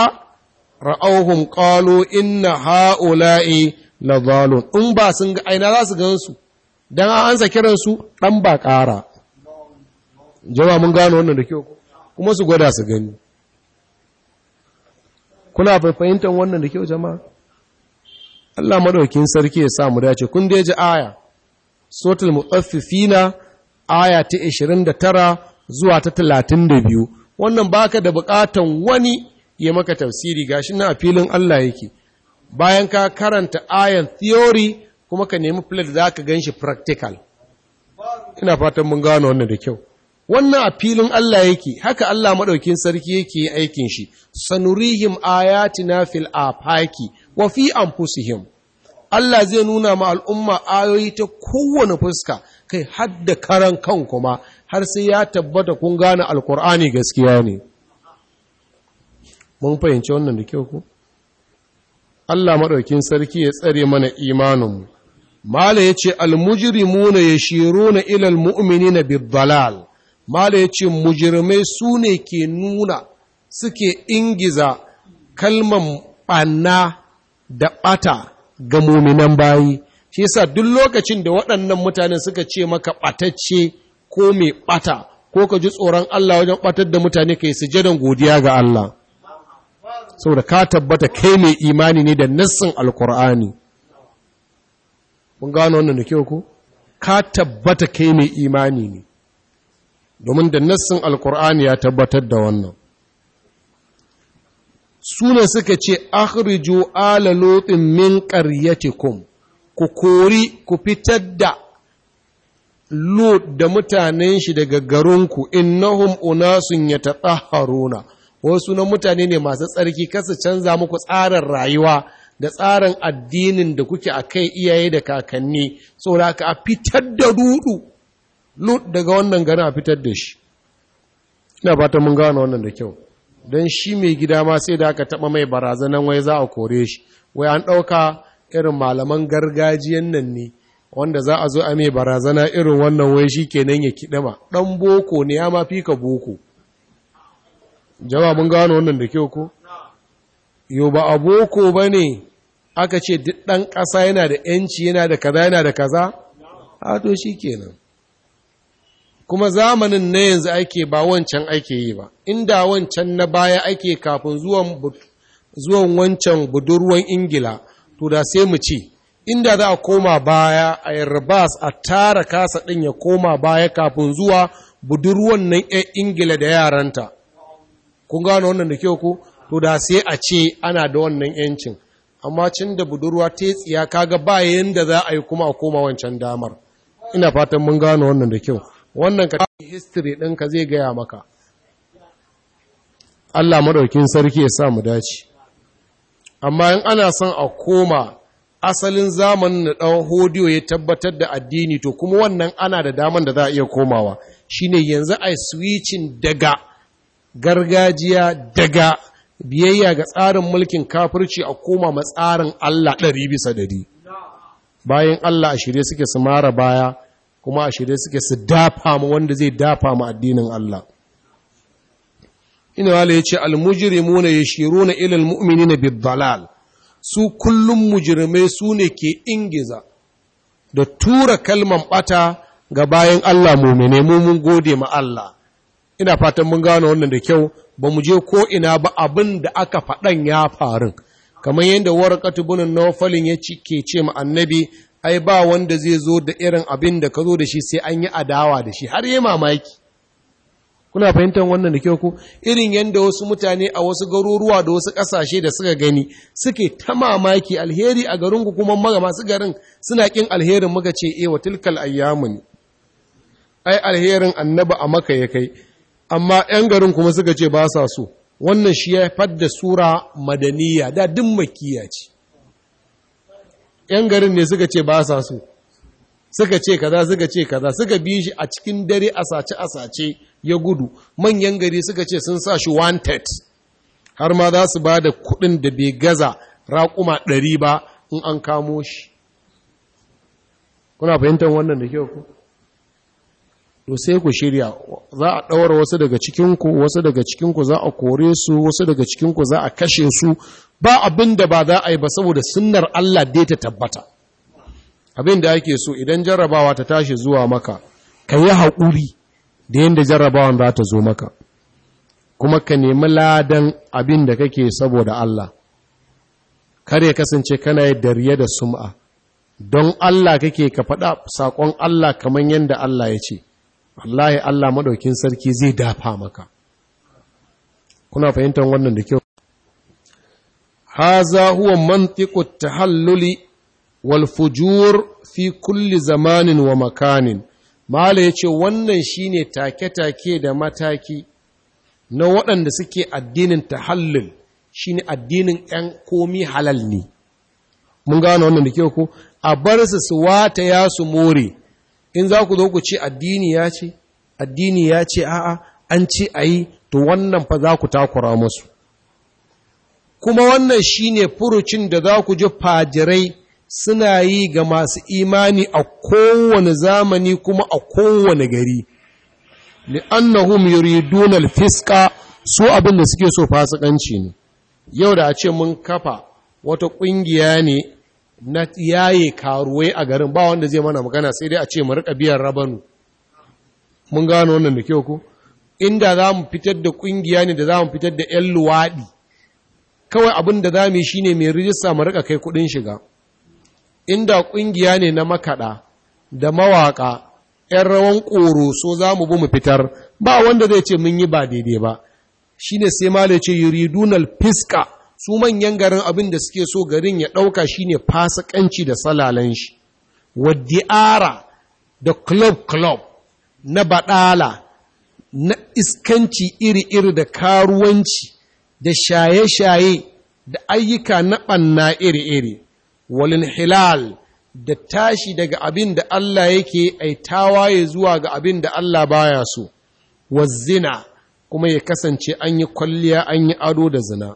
ra’auhun qalu inna haula'i zalon. in ba sun ga aina za su gansu dan an sa kiransu ɗan ba ƙara jama mun gano wannan da kyau kuma su gwada su gani kuna faifayintan wannan da kyau jama'a Allah madaukin sarki ya sa mu dace kun da ji aya suratul mutaffifina aya ta 29 zuwa ta 32 wannan baka da bukatan wani ya maka tafsiri gashi na a filin Allah yake bayan ka karanta ayan theory kuma ka nemi plate zaka ganshi practical ina fatan mun gano wannan da kyau wannan a filin Allah yake haka Allah maɗaukin sarki yake aikin shi sanurihim ayatina fil afaki wa fi anfusihim Allah zai nuna ma al'umma ayoyi ta kowane fuska kai hadda karan kan kuma har sai ya tabbata kun gane alkur'ani gaskiya ne mun fahimci wannan da kyau ku Allah maɗaukin sarki ya tsare mana imaninmu mala yace al-mujrimuna yashiruna ila bid-dalal mala ya ce mujirmai su ne ke nuna suke ingiza kalman ɓanna da ɓata ga muminan bayi shi yasa duk lokacin da waɗannan mutanen suka ce maka ɓatacce ko mai ɓata ko ka ji tsoron Allah wajen ɓatar da mutane ka yi sujadan godiya ga Allah saboda ka tabbata kai mai imani ne da nassin alkur'ani mun gano wannan da kyau ko ka tabbata kai mai imani ne domin da nassin alkur'ani ya tabbatar da wannan suna suka ce akhrijo ala lotin min qaryatikum ku kori ku fitar da lot da mutanen shi daga garinku innahum unasun haruna. wasu na mutane ne masu tsarki kasa canza muku tsarin rayuwa da tsarin addinin da kuke a kai iyaye da kakanni saboda ka a fitar da dudu lut daga wannan gana a fitar da shi ina fata mun gano wannan da kyau don shi mai gida ma sai da aka taba mai barazanan wai za a kore shi wai an ɗauka irin malaman gargajiyan nan ne wanda za a zo a mai barazana irin wannan wai shi kenan ya kiɗama ɗan boko ne ya ma fi ka boko jama mun gano wannan da kyau ko yau ba a boko ba ne aka ce duk ɗan ƙasa yana da ‘yanci yana da kaza yana da kaza a shi kenan kuma zamanin na yanzu ake ba wancan ake yi ba inda wancan na baya ake kafin zuwan wancan budurwan ingila to da sai mu ci inda za a koma baya a yarbas a tara kasa ɗin ya koma baya kafin zuwa budurwan nan yan ingila da yaranta kun gano wannan da kyau ku to da sai a ce ana da wannan yancin amma cin da budurwa ta tsiya kaga ba yanda za a yi kuma a koma wancan damar ina fatan mun gano wannan da kyau wannan ka history ɗinka zai gaya maka Allah maɗaukin sarki ya sa mu dace amma in ana son a koma asalin zamanin na ɗan hodiyo ya tabbatar da addini to kuma wannan ana da daman da za a iya komawa Shi ne yanzu a switching daga gargajiya daga biyayya ga tsarin mulkin kafirci a koma matsarin Allah ɗari bisa ɗari bayan Allah a shirye suke su mara baya kuma a shirye suke su dafa mu wanda zai dafa mu addinin Allah ina wala yace shiru yashiruna ila almu'minina bid-dalal su kullum mujrimai su ne ke ingiza da tura kalman bata ga bayan Allah mu'mine mu mun gode ma Allah ina fatan mun gano wannan da kyau ba mu je ko ina ba abin da aka faɗan ya faru kamar yadda warqatu bin nawfalin ya ke ce ma annabi ai ba wanda zai zo da irin abin da ka zo da shi sai an yi adawa da shi har yi mamaki kuna fahimtar wannan da kyau ku irin yadda wasu mutane a wasu garuruwa da wasu ƙasashe da suka gani suke ta mamaki alheri a garin ku kuma maga masu garin suna kin alherin muka ce e wa tilkal ayyamu ne ai alherin annaba a maka ya kai amma 'yan garin kuma suka ce ba sa so wannan shi ya fadda sura madaniya da duk makiya ce ‘yan garin ne suka ce ba sa so, suka ce kaza suka ce kaza suka bi shi a cikin dare a sace a sace ya gudu, manyan gari suka ce sun sa shi wanted, har ma za su ba da kuɗin da bai gaza raƙuma ɗari ba in an kamo shi. Kuna fahimtar wannan da kyau ku? to sai ku shirya za a ɗaura wasu daga cikinku wasu daga cikinku za a kore su wasu daga cikinku za a kashe su ba abin da ba za a yi ba saboda sunnar Allah dai ta tabbata abin da ake so idan jarrabawa ta tashi zuwa maka ka yi haƙuri da yadda jarrabawan za ta zo maka kuma ka nemi ladan abin da kake saboda Allah kare kasance kana yi dariya da sum'a don Allah kake ka faɗa saƙon Allah kamar yadda Allah ya ce ya Allah maɗaukin sarki zai dafa maka kuna fahimtar wannan da kyau هذا هو منطق tahalluli wal في fi زمان zamanin wa makanin يجي yace wannan shine take-take da mataki na waɗanda suke addinin tahallul shine addinin ‘yan komi halal ne mun gano wannan da ke ku a bar su su wata ya su more in za ku zo ku ce addini ya ce addini ya ce a'a an ce ayi. to wannan fa za ku takura musu kuma wannan shine furucin da za ku ji fajirai suna yi ga masu imani a kowane zamani kuma a kowane gari li'annahum yuriduna al su abin da suke so fasikanci ne yau da a ce mun kafa wata ƙungiya ne na yaye karuwai a garin ba wanda zai mana magana sai dai a ce mu rika biyan rabanu mun gano wannan da kyau ko inda za mu fitar da ƙungiya ne da za mu fitar da 'yan luwaɗi kawai abin da zame shi yi shine mai rijista mu rika kai kuɗin shiga inda ƙungiya ne na makaɗa da mawaƙa 'yan rawan ƙoroso so za mu bi mu fitar ba wanda zai ce mun yi ba daidai ba shine sai male ce yuridunal fiska su manyan garin abin da suke so garin ya ɗauka shine fasikanci da salalan shi wadi'ara da club club na baɗala na iskanci iri-iri da karuwanci da shaye-shaye da ayyuka na ɓanna iri-iri, walin hilal da tashi daga abin da Allah yake ya zuwa ga abin da Allah baya so, wa zina kuma ya kasance an yi kwalliya an yi ado da zina.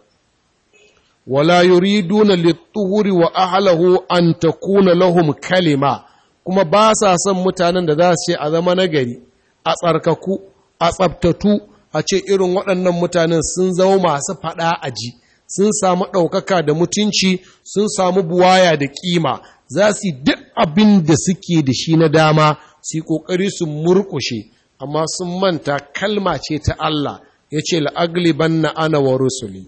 Wala yuriduna littuhuri wa ahalahu an takuna lahum kalima, kuma ba sa son mutanen da za su ce a zama nagari, a tsarkaku, a tsabtatu, a ce irin waɗannan mutanen sun zama masu faɗa a ji sun samu ɗaukaka da mutunci sun samu buwaya da ƙima za su duk abin da suke da shi na dama su ƙoƙari su murƙushe amma sun manta kalma ce ta Allah ya ce la'agliban na ana wa rusuli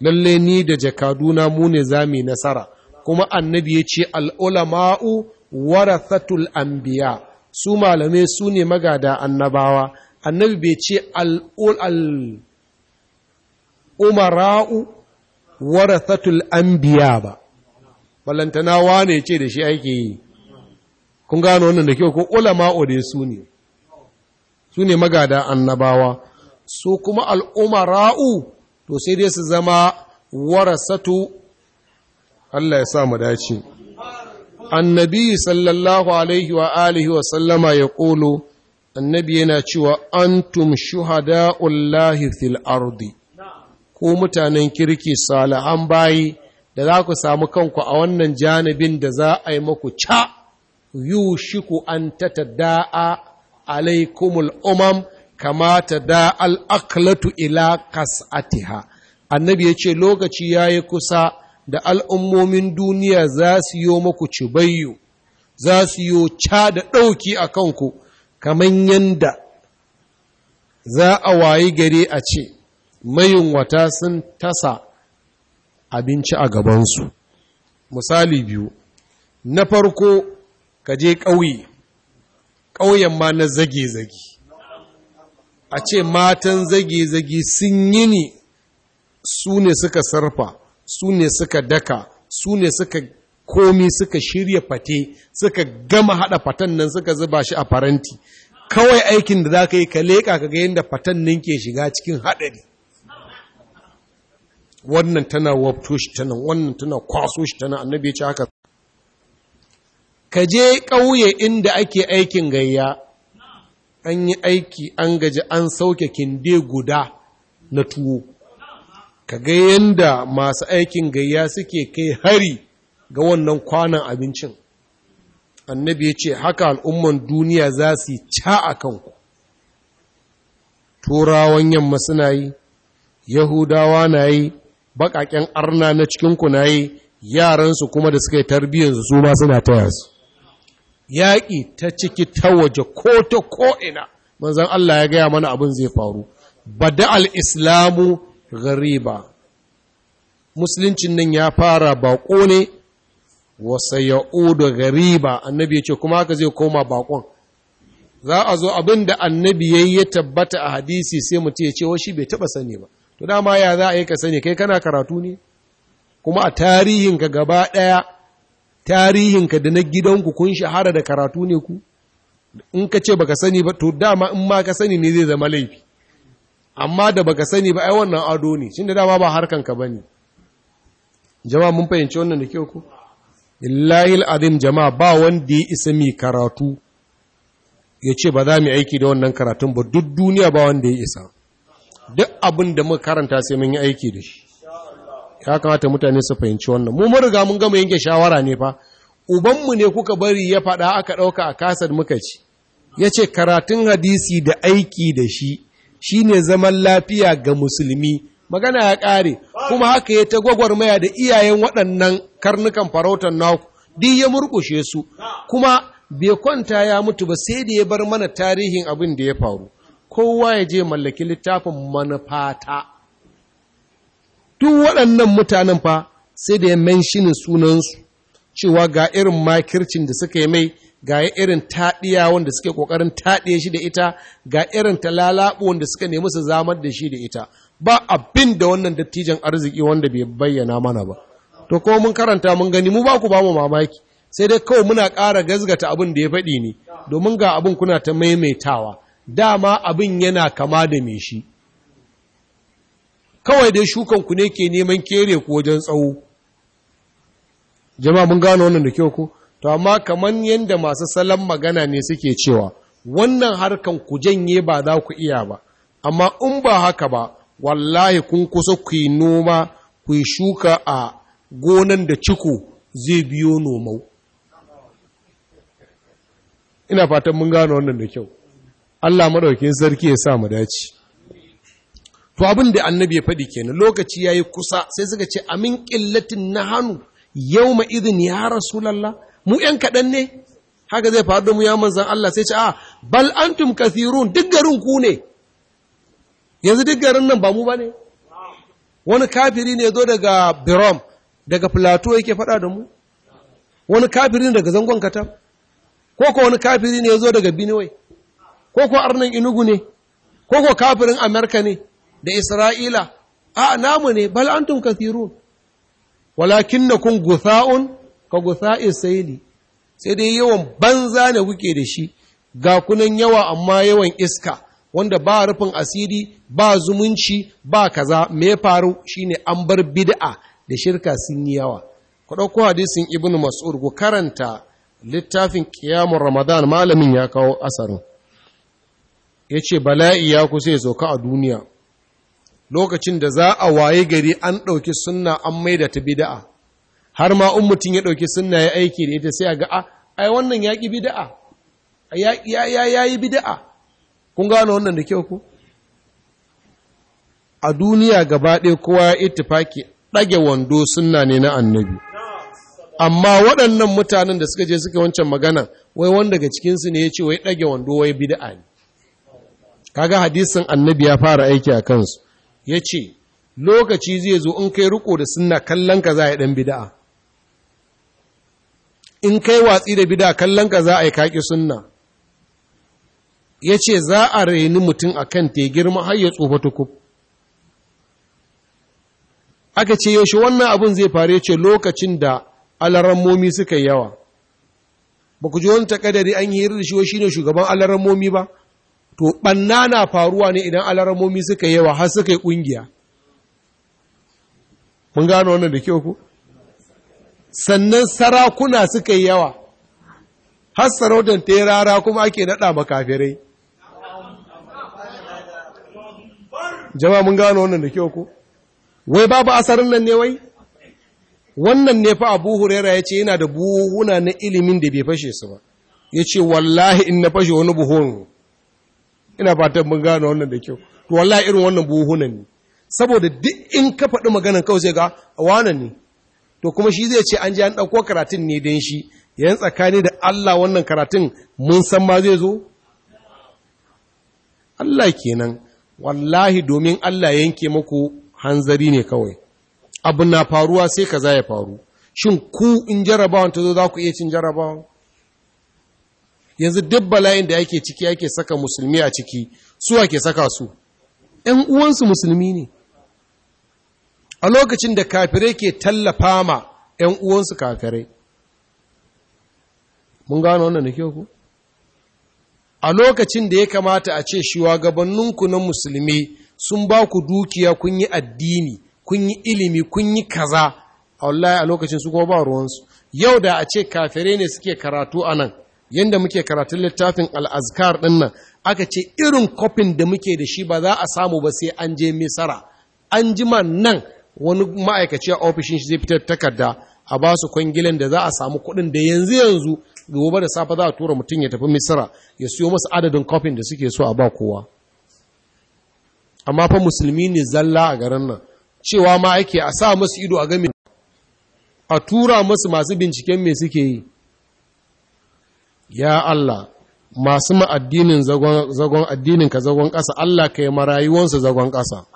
lalle ni da jakaduna mu ne za mu nasara kuma annabi ya ce al'ulama'u warathatul anbiya su malamai su ne magada annabawa annabi bai ce al'umara'u warathatul anbiya ba ballantanawa ne ce da shi ake yi kun gano wannan da kyau ko ulama'u da su ne su ne magada annabawa su kuma al'umara'u to sai dai su zama warasatu Allah ya sa mu dace annabi sallallahu alaihi wa alihi wa sallama ya ƙolo annabi yana cewa antum shuhada'ullahi fil ardi ko mutanen kirki salihan bayi da za ku samu kanku a wannan janibin da za a yi maku ca yushiku an tatada'a alaikumul umam kama da al'aklatu ila kas'atiha annabi ya ce lokaci ya yi kusa da al'ummomin duniya za su yi maku cibayyo za su yi ca da ɗauki a kanku kamar yadda za a wayi gare a ce mayunwata sun tasa abinci a gabansu misali biyu na farko ka je ƙauye ƙauyen ma na zage-zage a ce matan zage-zage sun yi ne su ne suka sarfa su ne suka daka su ne suka komi suka shirya fate suka gama hada fatan nan suka zuba shi a faranti kawai aikin da za ka yi ka leƙa ka ga yadda fatan nan ke shiga cikin haɗari wannan tana wabto shi tana wannan tana kwaso shi tana annabi ce haka ka je ƙauye inda ake aikin gayya an yi aiki an gaji an sauke kinde guda na tuwo ka ga yadda masu aikin gayya suke kai hari ga wannan kwanan abincin annabi ya ce haka al'umman duniya za su yi ca a kanku turawan yamma suna yi yahudawa na yi baƙaƙen arna na cikinku na yi yaransu kuma da suka yi tarbiyyarsu su ma suna ta yasu yaƙi ta ciki ta waje ko ta ko'ina manzan Allah ya gaya mana abin zai faru Ba bada al'islamu ba. musuluncin nan ya fara baƙo ne wasa ya'udu gariba annabi ya ce kuma haka zai koma bakon za a zo abin da annabi ya yi ya tabbata a hadisi sai mutum ya ce wa shi bai taba sani ba to dama ya za a yi ka sani kai kana karatu ne kuma a tarihinka gaba ɗaya tarihinka da na gidanku kun shahara da karatu ne ku in ka ce baka sani ba to dama in ma ka sani ne zai zama laifi amma da baka sani ba ai wannan ado ne shin da dama ba harkanka bane jama'a mun fahimci wannan da kyau ko illahil azim jama'a ba wanda ya isa mai karatu ya ce ba za mu aiki da wannan karatun ba duk duniya ba wanda ya isa duk abin da muka karanta sai mun yi aiki da shi ya kamata mutane su fahimci wannan mu mun riga mun gama yanke shawara ne fa ubanmu ne kuka bari ya faɗa aka ɗauka a kasar muka ci ya ce karatun hadisi da aiki da shi shine zaman lafiya ga musulmi magana ya ƙare kuma haka ya ta gwagwarmaya da iyayen waɗannan karnukan farautar naku di ya murkushe su kuma bai kwanta ya mutu ba sai da ya bar mana tarihin abin da ya faru kowa ya je mallaki littafin manufata duk waɗannan mutanen fa sai da ya menshini sunansu cewa ga irin makircin da suka yi mai ga irin taɗiya wanda suke ƙoƙarin taɗe shi da ita ga irin talalaɓo wanda suka nemi su zamar da shi da ita ba abin da wannan dattijan arziki wanda bai bayyana mana ba to ko mun karanta mun gani mu ba ku ba mu mamaki sai dai kawai muna ƙara gazgata abin da ya faɗi ne domin ga abin kuna ta maimaitawa dama abin yana kama da mai shi kawai dai shukan ku ne ke neman kere ku wajen tsawo jama'a mun gano wannan da kyau ko to amma kamar yanda masu salon magana ne suke cewa wannan harkan ku janye ba za ku iya ba amma in ba haka ba wallahi kun kusa ku yi noma ku yi shuka a gonan da ciko zai biyo nomau ina fatan mun gano wannan da kyau Allah maɗaukin sarki ya sa mu dace to abin da annabi ya faɗi kenan lokaci yayi kusa sai suka ce amin ƙillatin na hannu, yau yawma izini, ya lalla? mu yan kaɗan ne haka zai faɗo mu ya manzan Allah sai ce a ah, bal antum kathirun duk garin ku ne yanzu duk garin nan ba mu ba ne wani kafiri ne zo daga birom daga plateau yake faɗa da mu wani kafiri ne daga zangon katam ko ko wani kafiri ne zo daga benue ko ko arnan inugu ne ko ko kafirin amerika ne da isra'ila a namu ne bal antum na kun gutha'un ka gutha'i sayli sai dai yawan banza ne kuke da shi ga kunan yawa amma yawan iska wanda ba rufin asiri ba zumunci ba kaza me ya faru shine an bar bid'a da shirka sun yi yawa ku ɗauko hadisin ibnu mas'ud ku karanta littafin kiyamun ramadan malamin ya kawo asarin ya ce bala'i ya kusa ya zoka a duniya lokacin da za a waye gari an ɗauki sunna an maida ta bida'a har ma in mutum ya ɗauki sunna ya aiki da ita sai a ga ah, ai wannan ya ƙi ya yi bida'a kun gane wannan da kyau ku a duniya gaba ɗaya kowa ya ittifaki ɗage wando suna ne na annabi amma waɗannan mutanen da suka je suka wancan magana wai wanda daga cikinsu ne ya ce wai ɗage wando wai bid'a ne kaga hadisin annabi ya fara aiki a kansu ya ce lokaci zai zo in kai riko da suna kallon ka za a yi ɗan bida'a in kai watsi da bida kallon ka za a yi kaƙi sunna ya ce za a raini mutum a kan te girma har ya tsofa tukub aka ce yaushe wannan abin zai faru ya ce lokacin da alarammomi suka yawa ba ku ji wani takadari an yi hirar shi shi ne shugaban alarammomi ba to ɓanna na faruwa ne idan alarammomi suka yawa har suka yi ƙungiya mun gano wannan da kyau ku sannan sarakuna suka yi yawa har sarautar ta rara kuma ake naɗa makafirai Jama mun gano wannan da kyau ko wai babu asarin nan ne wai wannan ne fa abu huraira ya ce yana da buhuna na ilimin da bai fashe su ba ya ce wallahi in na fashe wani buhun ina fatan mun gano wannan da kyau to wallahi irin wannan buhunan ne saboda duk in ka faɗi maganan kawai sai ga wane ne to kuma shi zai ce an ji an ɗauko karatun ne don shi yayin tsakani da Allah wannan karatun mun san ma zai zo Allah kenan wallahi domin Allah yanke muku hanzari ne kawai abin na faruwa sai kaza ya faru shin ku in jarabawan ta zo za ku iya cin jarabawan yanzu duk bala'in da yake ciki yake saka musulmi a ciki su ake saka su ‘yan uwansu musulmi ne a lokacin da kafirai ke tallafa ma ‘yan uwansu kafirai mun gano wannan da kyau ku a lokacin da ya kamata a ce shugabanninku na musulmi sun ba ku dukiya kun yi addini kun yi ilimi kun yi kaza a wallahi a lokacin su kuma ba ruwansu yau da a ce kafire ne suke karatu a nan yadda muke karatun littafin al'azkar ɗin nan aka ce irin kofin da muke da shi ba za a samu ba sai an je misara an ji man nan wani ma'aikaci a ofishin shi zai fitar takarda a ba su kwangilan da za a samu kuɗin da yanzu yanzu gobe da safe za a tura mutum ya tafi misira ya siyo masu adadin kofin da suke so a ba kowa amma fa musulmi ne zalla a garin nan cewa ma ake a sa masu ido a game a tura masu masu binciken me suke yi ya Allah masu ma'addinin zagon addinin ka zagon ƙasa Allah ka yi marayuwansu zagon ƙasa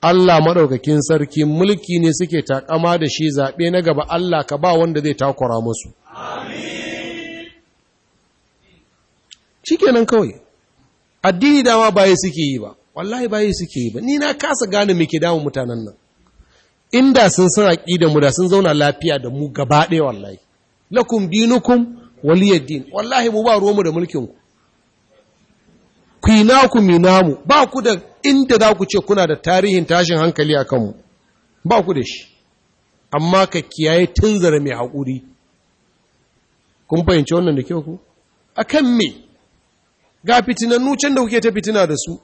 Allah maɗaukakin sarki mulki ne suke takama da shi zaɓe na gaba Allah ka ba wanda zai takura musu. Shi kenan kawai, addini dama baya suke yi ba, wallahi baya suke yi ba, ni na kasa gane me damun mutanen nan. Inda sun san aƙi da mu da sun zauna lafiya da mu gaba ɗaya wallahi. Lakum dinukum waliyar din, wallahi mu ba ruwanmu da mulkinku. ku yi naku mi namu ba ku da inda za ku ce kuna da tarihin tashin hankali a kanmu ba ku da shi amma ka kiyaye zara mai haƙuri kun fahimci wannan da kyau ku a kan me ga fitinannu can da kuke ta fitina da su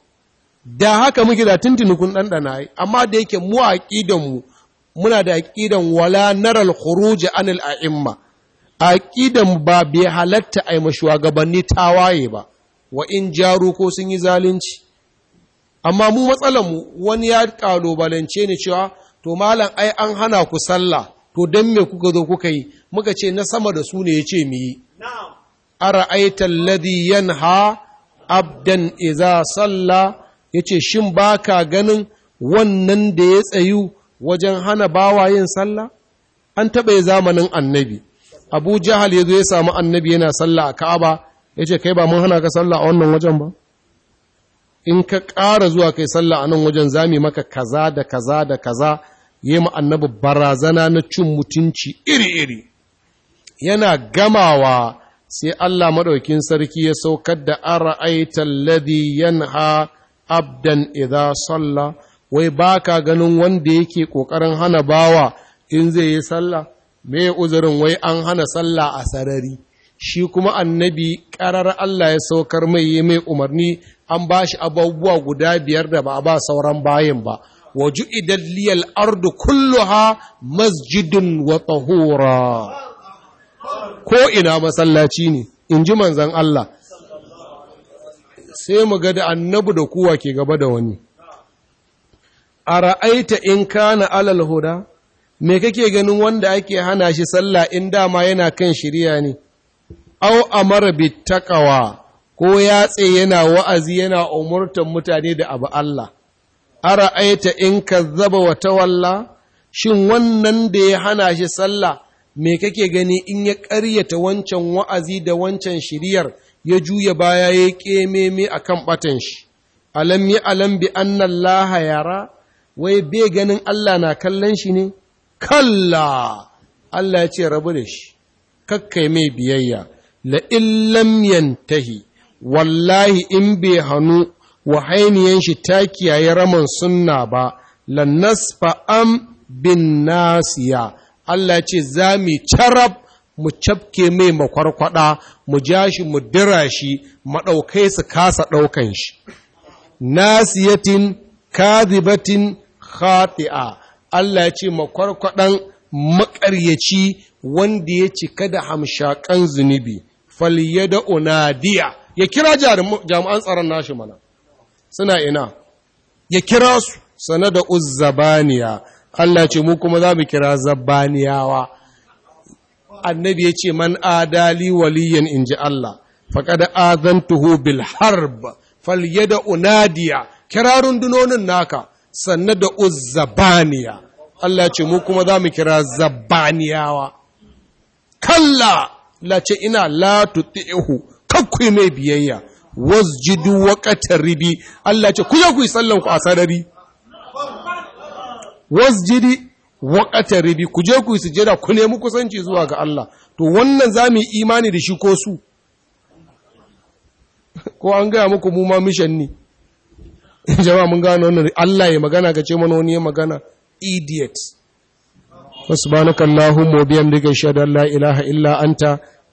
da haka muke da tuntuni kun ɗanɗana amma da yake mu a ƙidanmu muna da ƙidan wala naral khuruji anil a'imma ƙidanmu ba bai halatta a yi mashuwa gabanni tawaye ba wa in jaru ko sun yi zalunci amma mu mu wani ya kalobalance ne cewa to malam ai an hana ku sallah to don me kuka zo kuka yi muka ce na sama da su ne ya ce mu yi ara'aita alladhi yanha abdan iza salla yace shin baka ganin wannan da ya tsayu wajen hana bawa yin sallah an taɓa zamanin annabi abu jahal ya zo ya samu annabi yana sallah a ka'aba ya ce kai ba mun hana ka sallah a wannan wajen ba in ka ƙara zuwa kai sallah a nan wajen zami maka kaza da kaza da kaza yi ma annabi barazana na cin mutunci iri-iri yana gamawa sai Allah maɗaukin sarki ya saukar da an ra'aitar ladi yanha abdan idan, sallah wai ba ka ganin wanda yake ƙoƙarin hana bawa in zai yi sallah me uzurin wai an hana sallah a sarari shi kuma annabi ƙarar Allah ya saukar mai yi mai umarni an ba shi abubuwa guda biyar da ba a ba sauran bayan ba wa ju'idal liyal ardu kulluha masjidin wa tahura ko ina masallaci ne in ji manzan Allah sai mu ga da annabi da kowa ke gaba da wani a ra'aita in kana alal huda me kake ganin wanda ake hana shi sallah in dama yana kan shirya ne au amara bitakawa ko ya tsaye yana wa'azi yana umurtan mutane da abu Allah ara aita in kazzaba wa tawalla shin wannan da ya hana shi sallah me kake gani in ya karyata wancan wa'azi da wancan shiriyar ya juya baya ya ƙememe a kan ɓatan shi, alam yi alam bi annan laha yara, wai be ganin Allah na kallon shi ne? Kalla! Allah ya ce rabu da shi, kakkai mai biyayya, la illam yantahi wallahi in bai hannu wahainiyan shi ta kiyaye raman sunna ba lannasfa am bin nasiya Allah ce za mu carab mu cafke mai makwarkwada mu ja shi mu dira shi maɗaukai su kasa ɗaukan shi nasiyatin kadibatin khati'a Allah ce makwarkwadan maƙaryaci wanda ya cika da hamshakan zunubi da unadiya ya kira jami'an tsaron nashi mana suna ina ya kira su sana da uzzabaniya Allah ce mu kuma za mu kira zabaniyawa. annabi ya ce man adali waliyan in ji Allah faƙad azantuhu bil harb falyada unadiya kira rundunonin naka Sana da uzzabaniya Allah ce mu kuma za mu kira zabaniyawa. kalla Allah ce ina la tuti'hu kakku mai biyayya wasjidu waqtar ribi Allah ce ku je ku yi sallan ku a sarari wasjidi waqtar ribi ku je ku yi sujada ku nemi kusanci zuwa ga Allah to wannan zamu yi imani da shi ko su ko an gaya muku mu ma mission ne jama'a mun gano wannan Allah ya magana ga ce mana wani ya magana idiot subhanakallahumma wa bihamdika ashhadu an la ilaha illa anta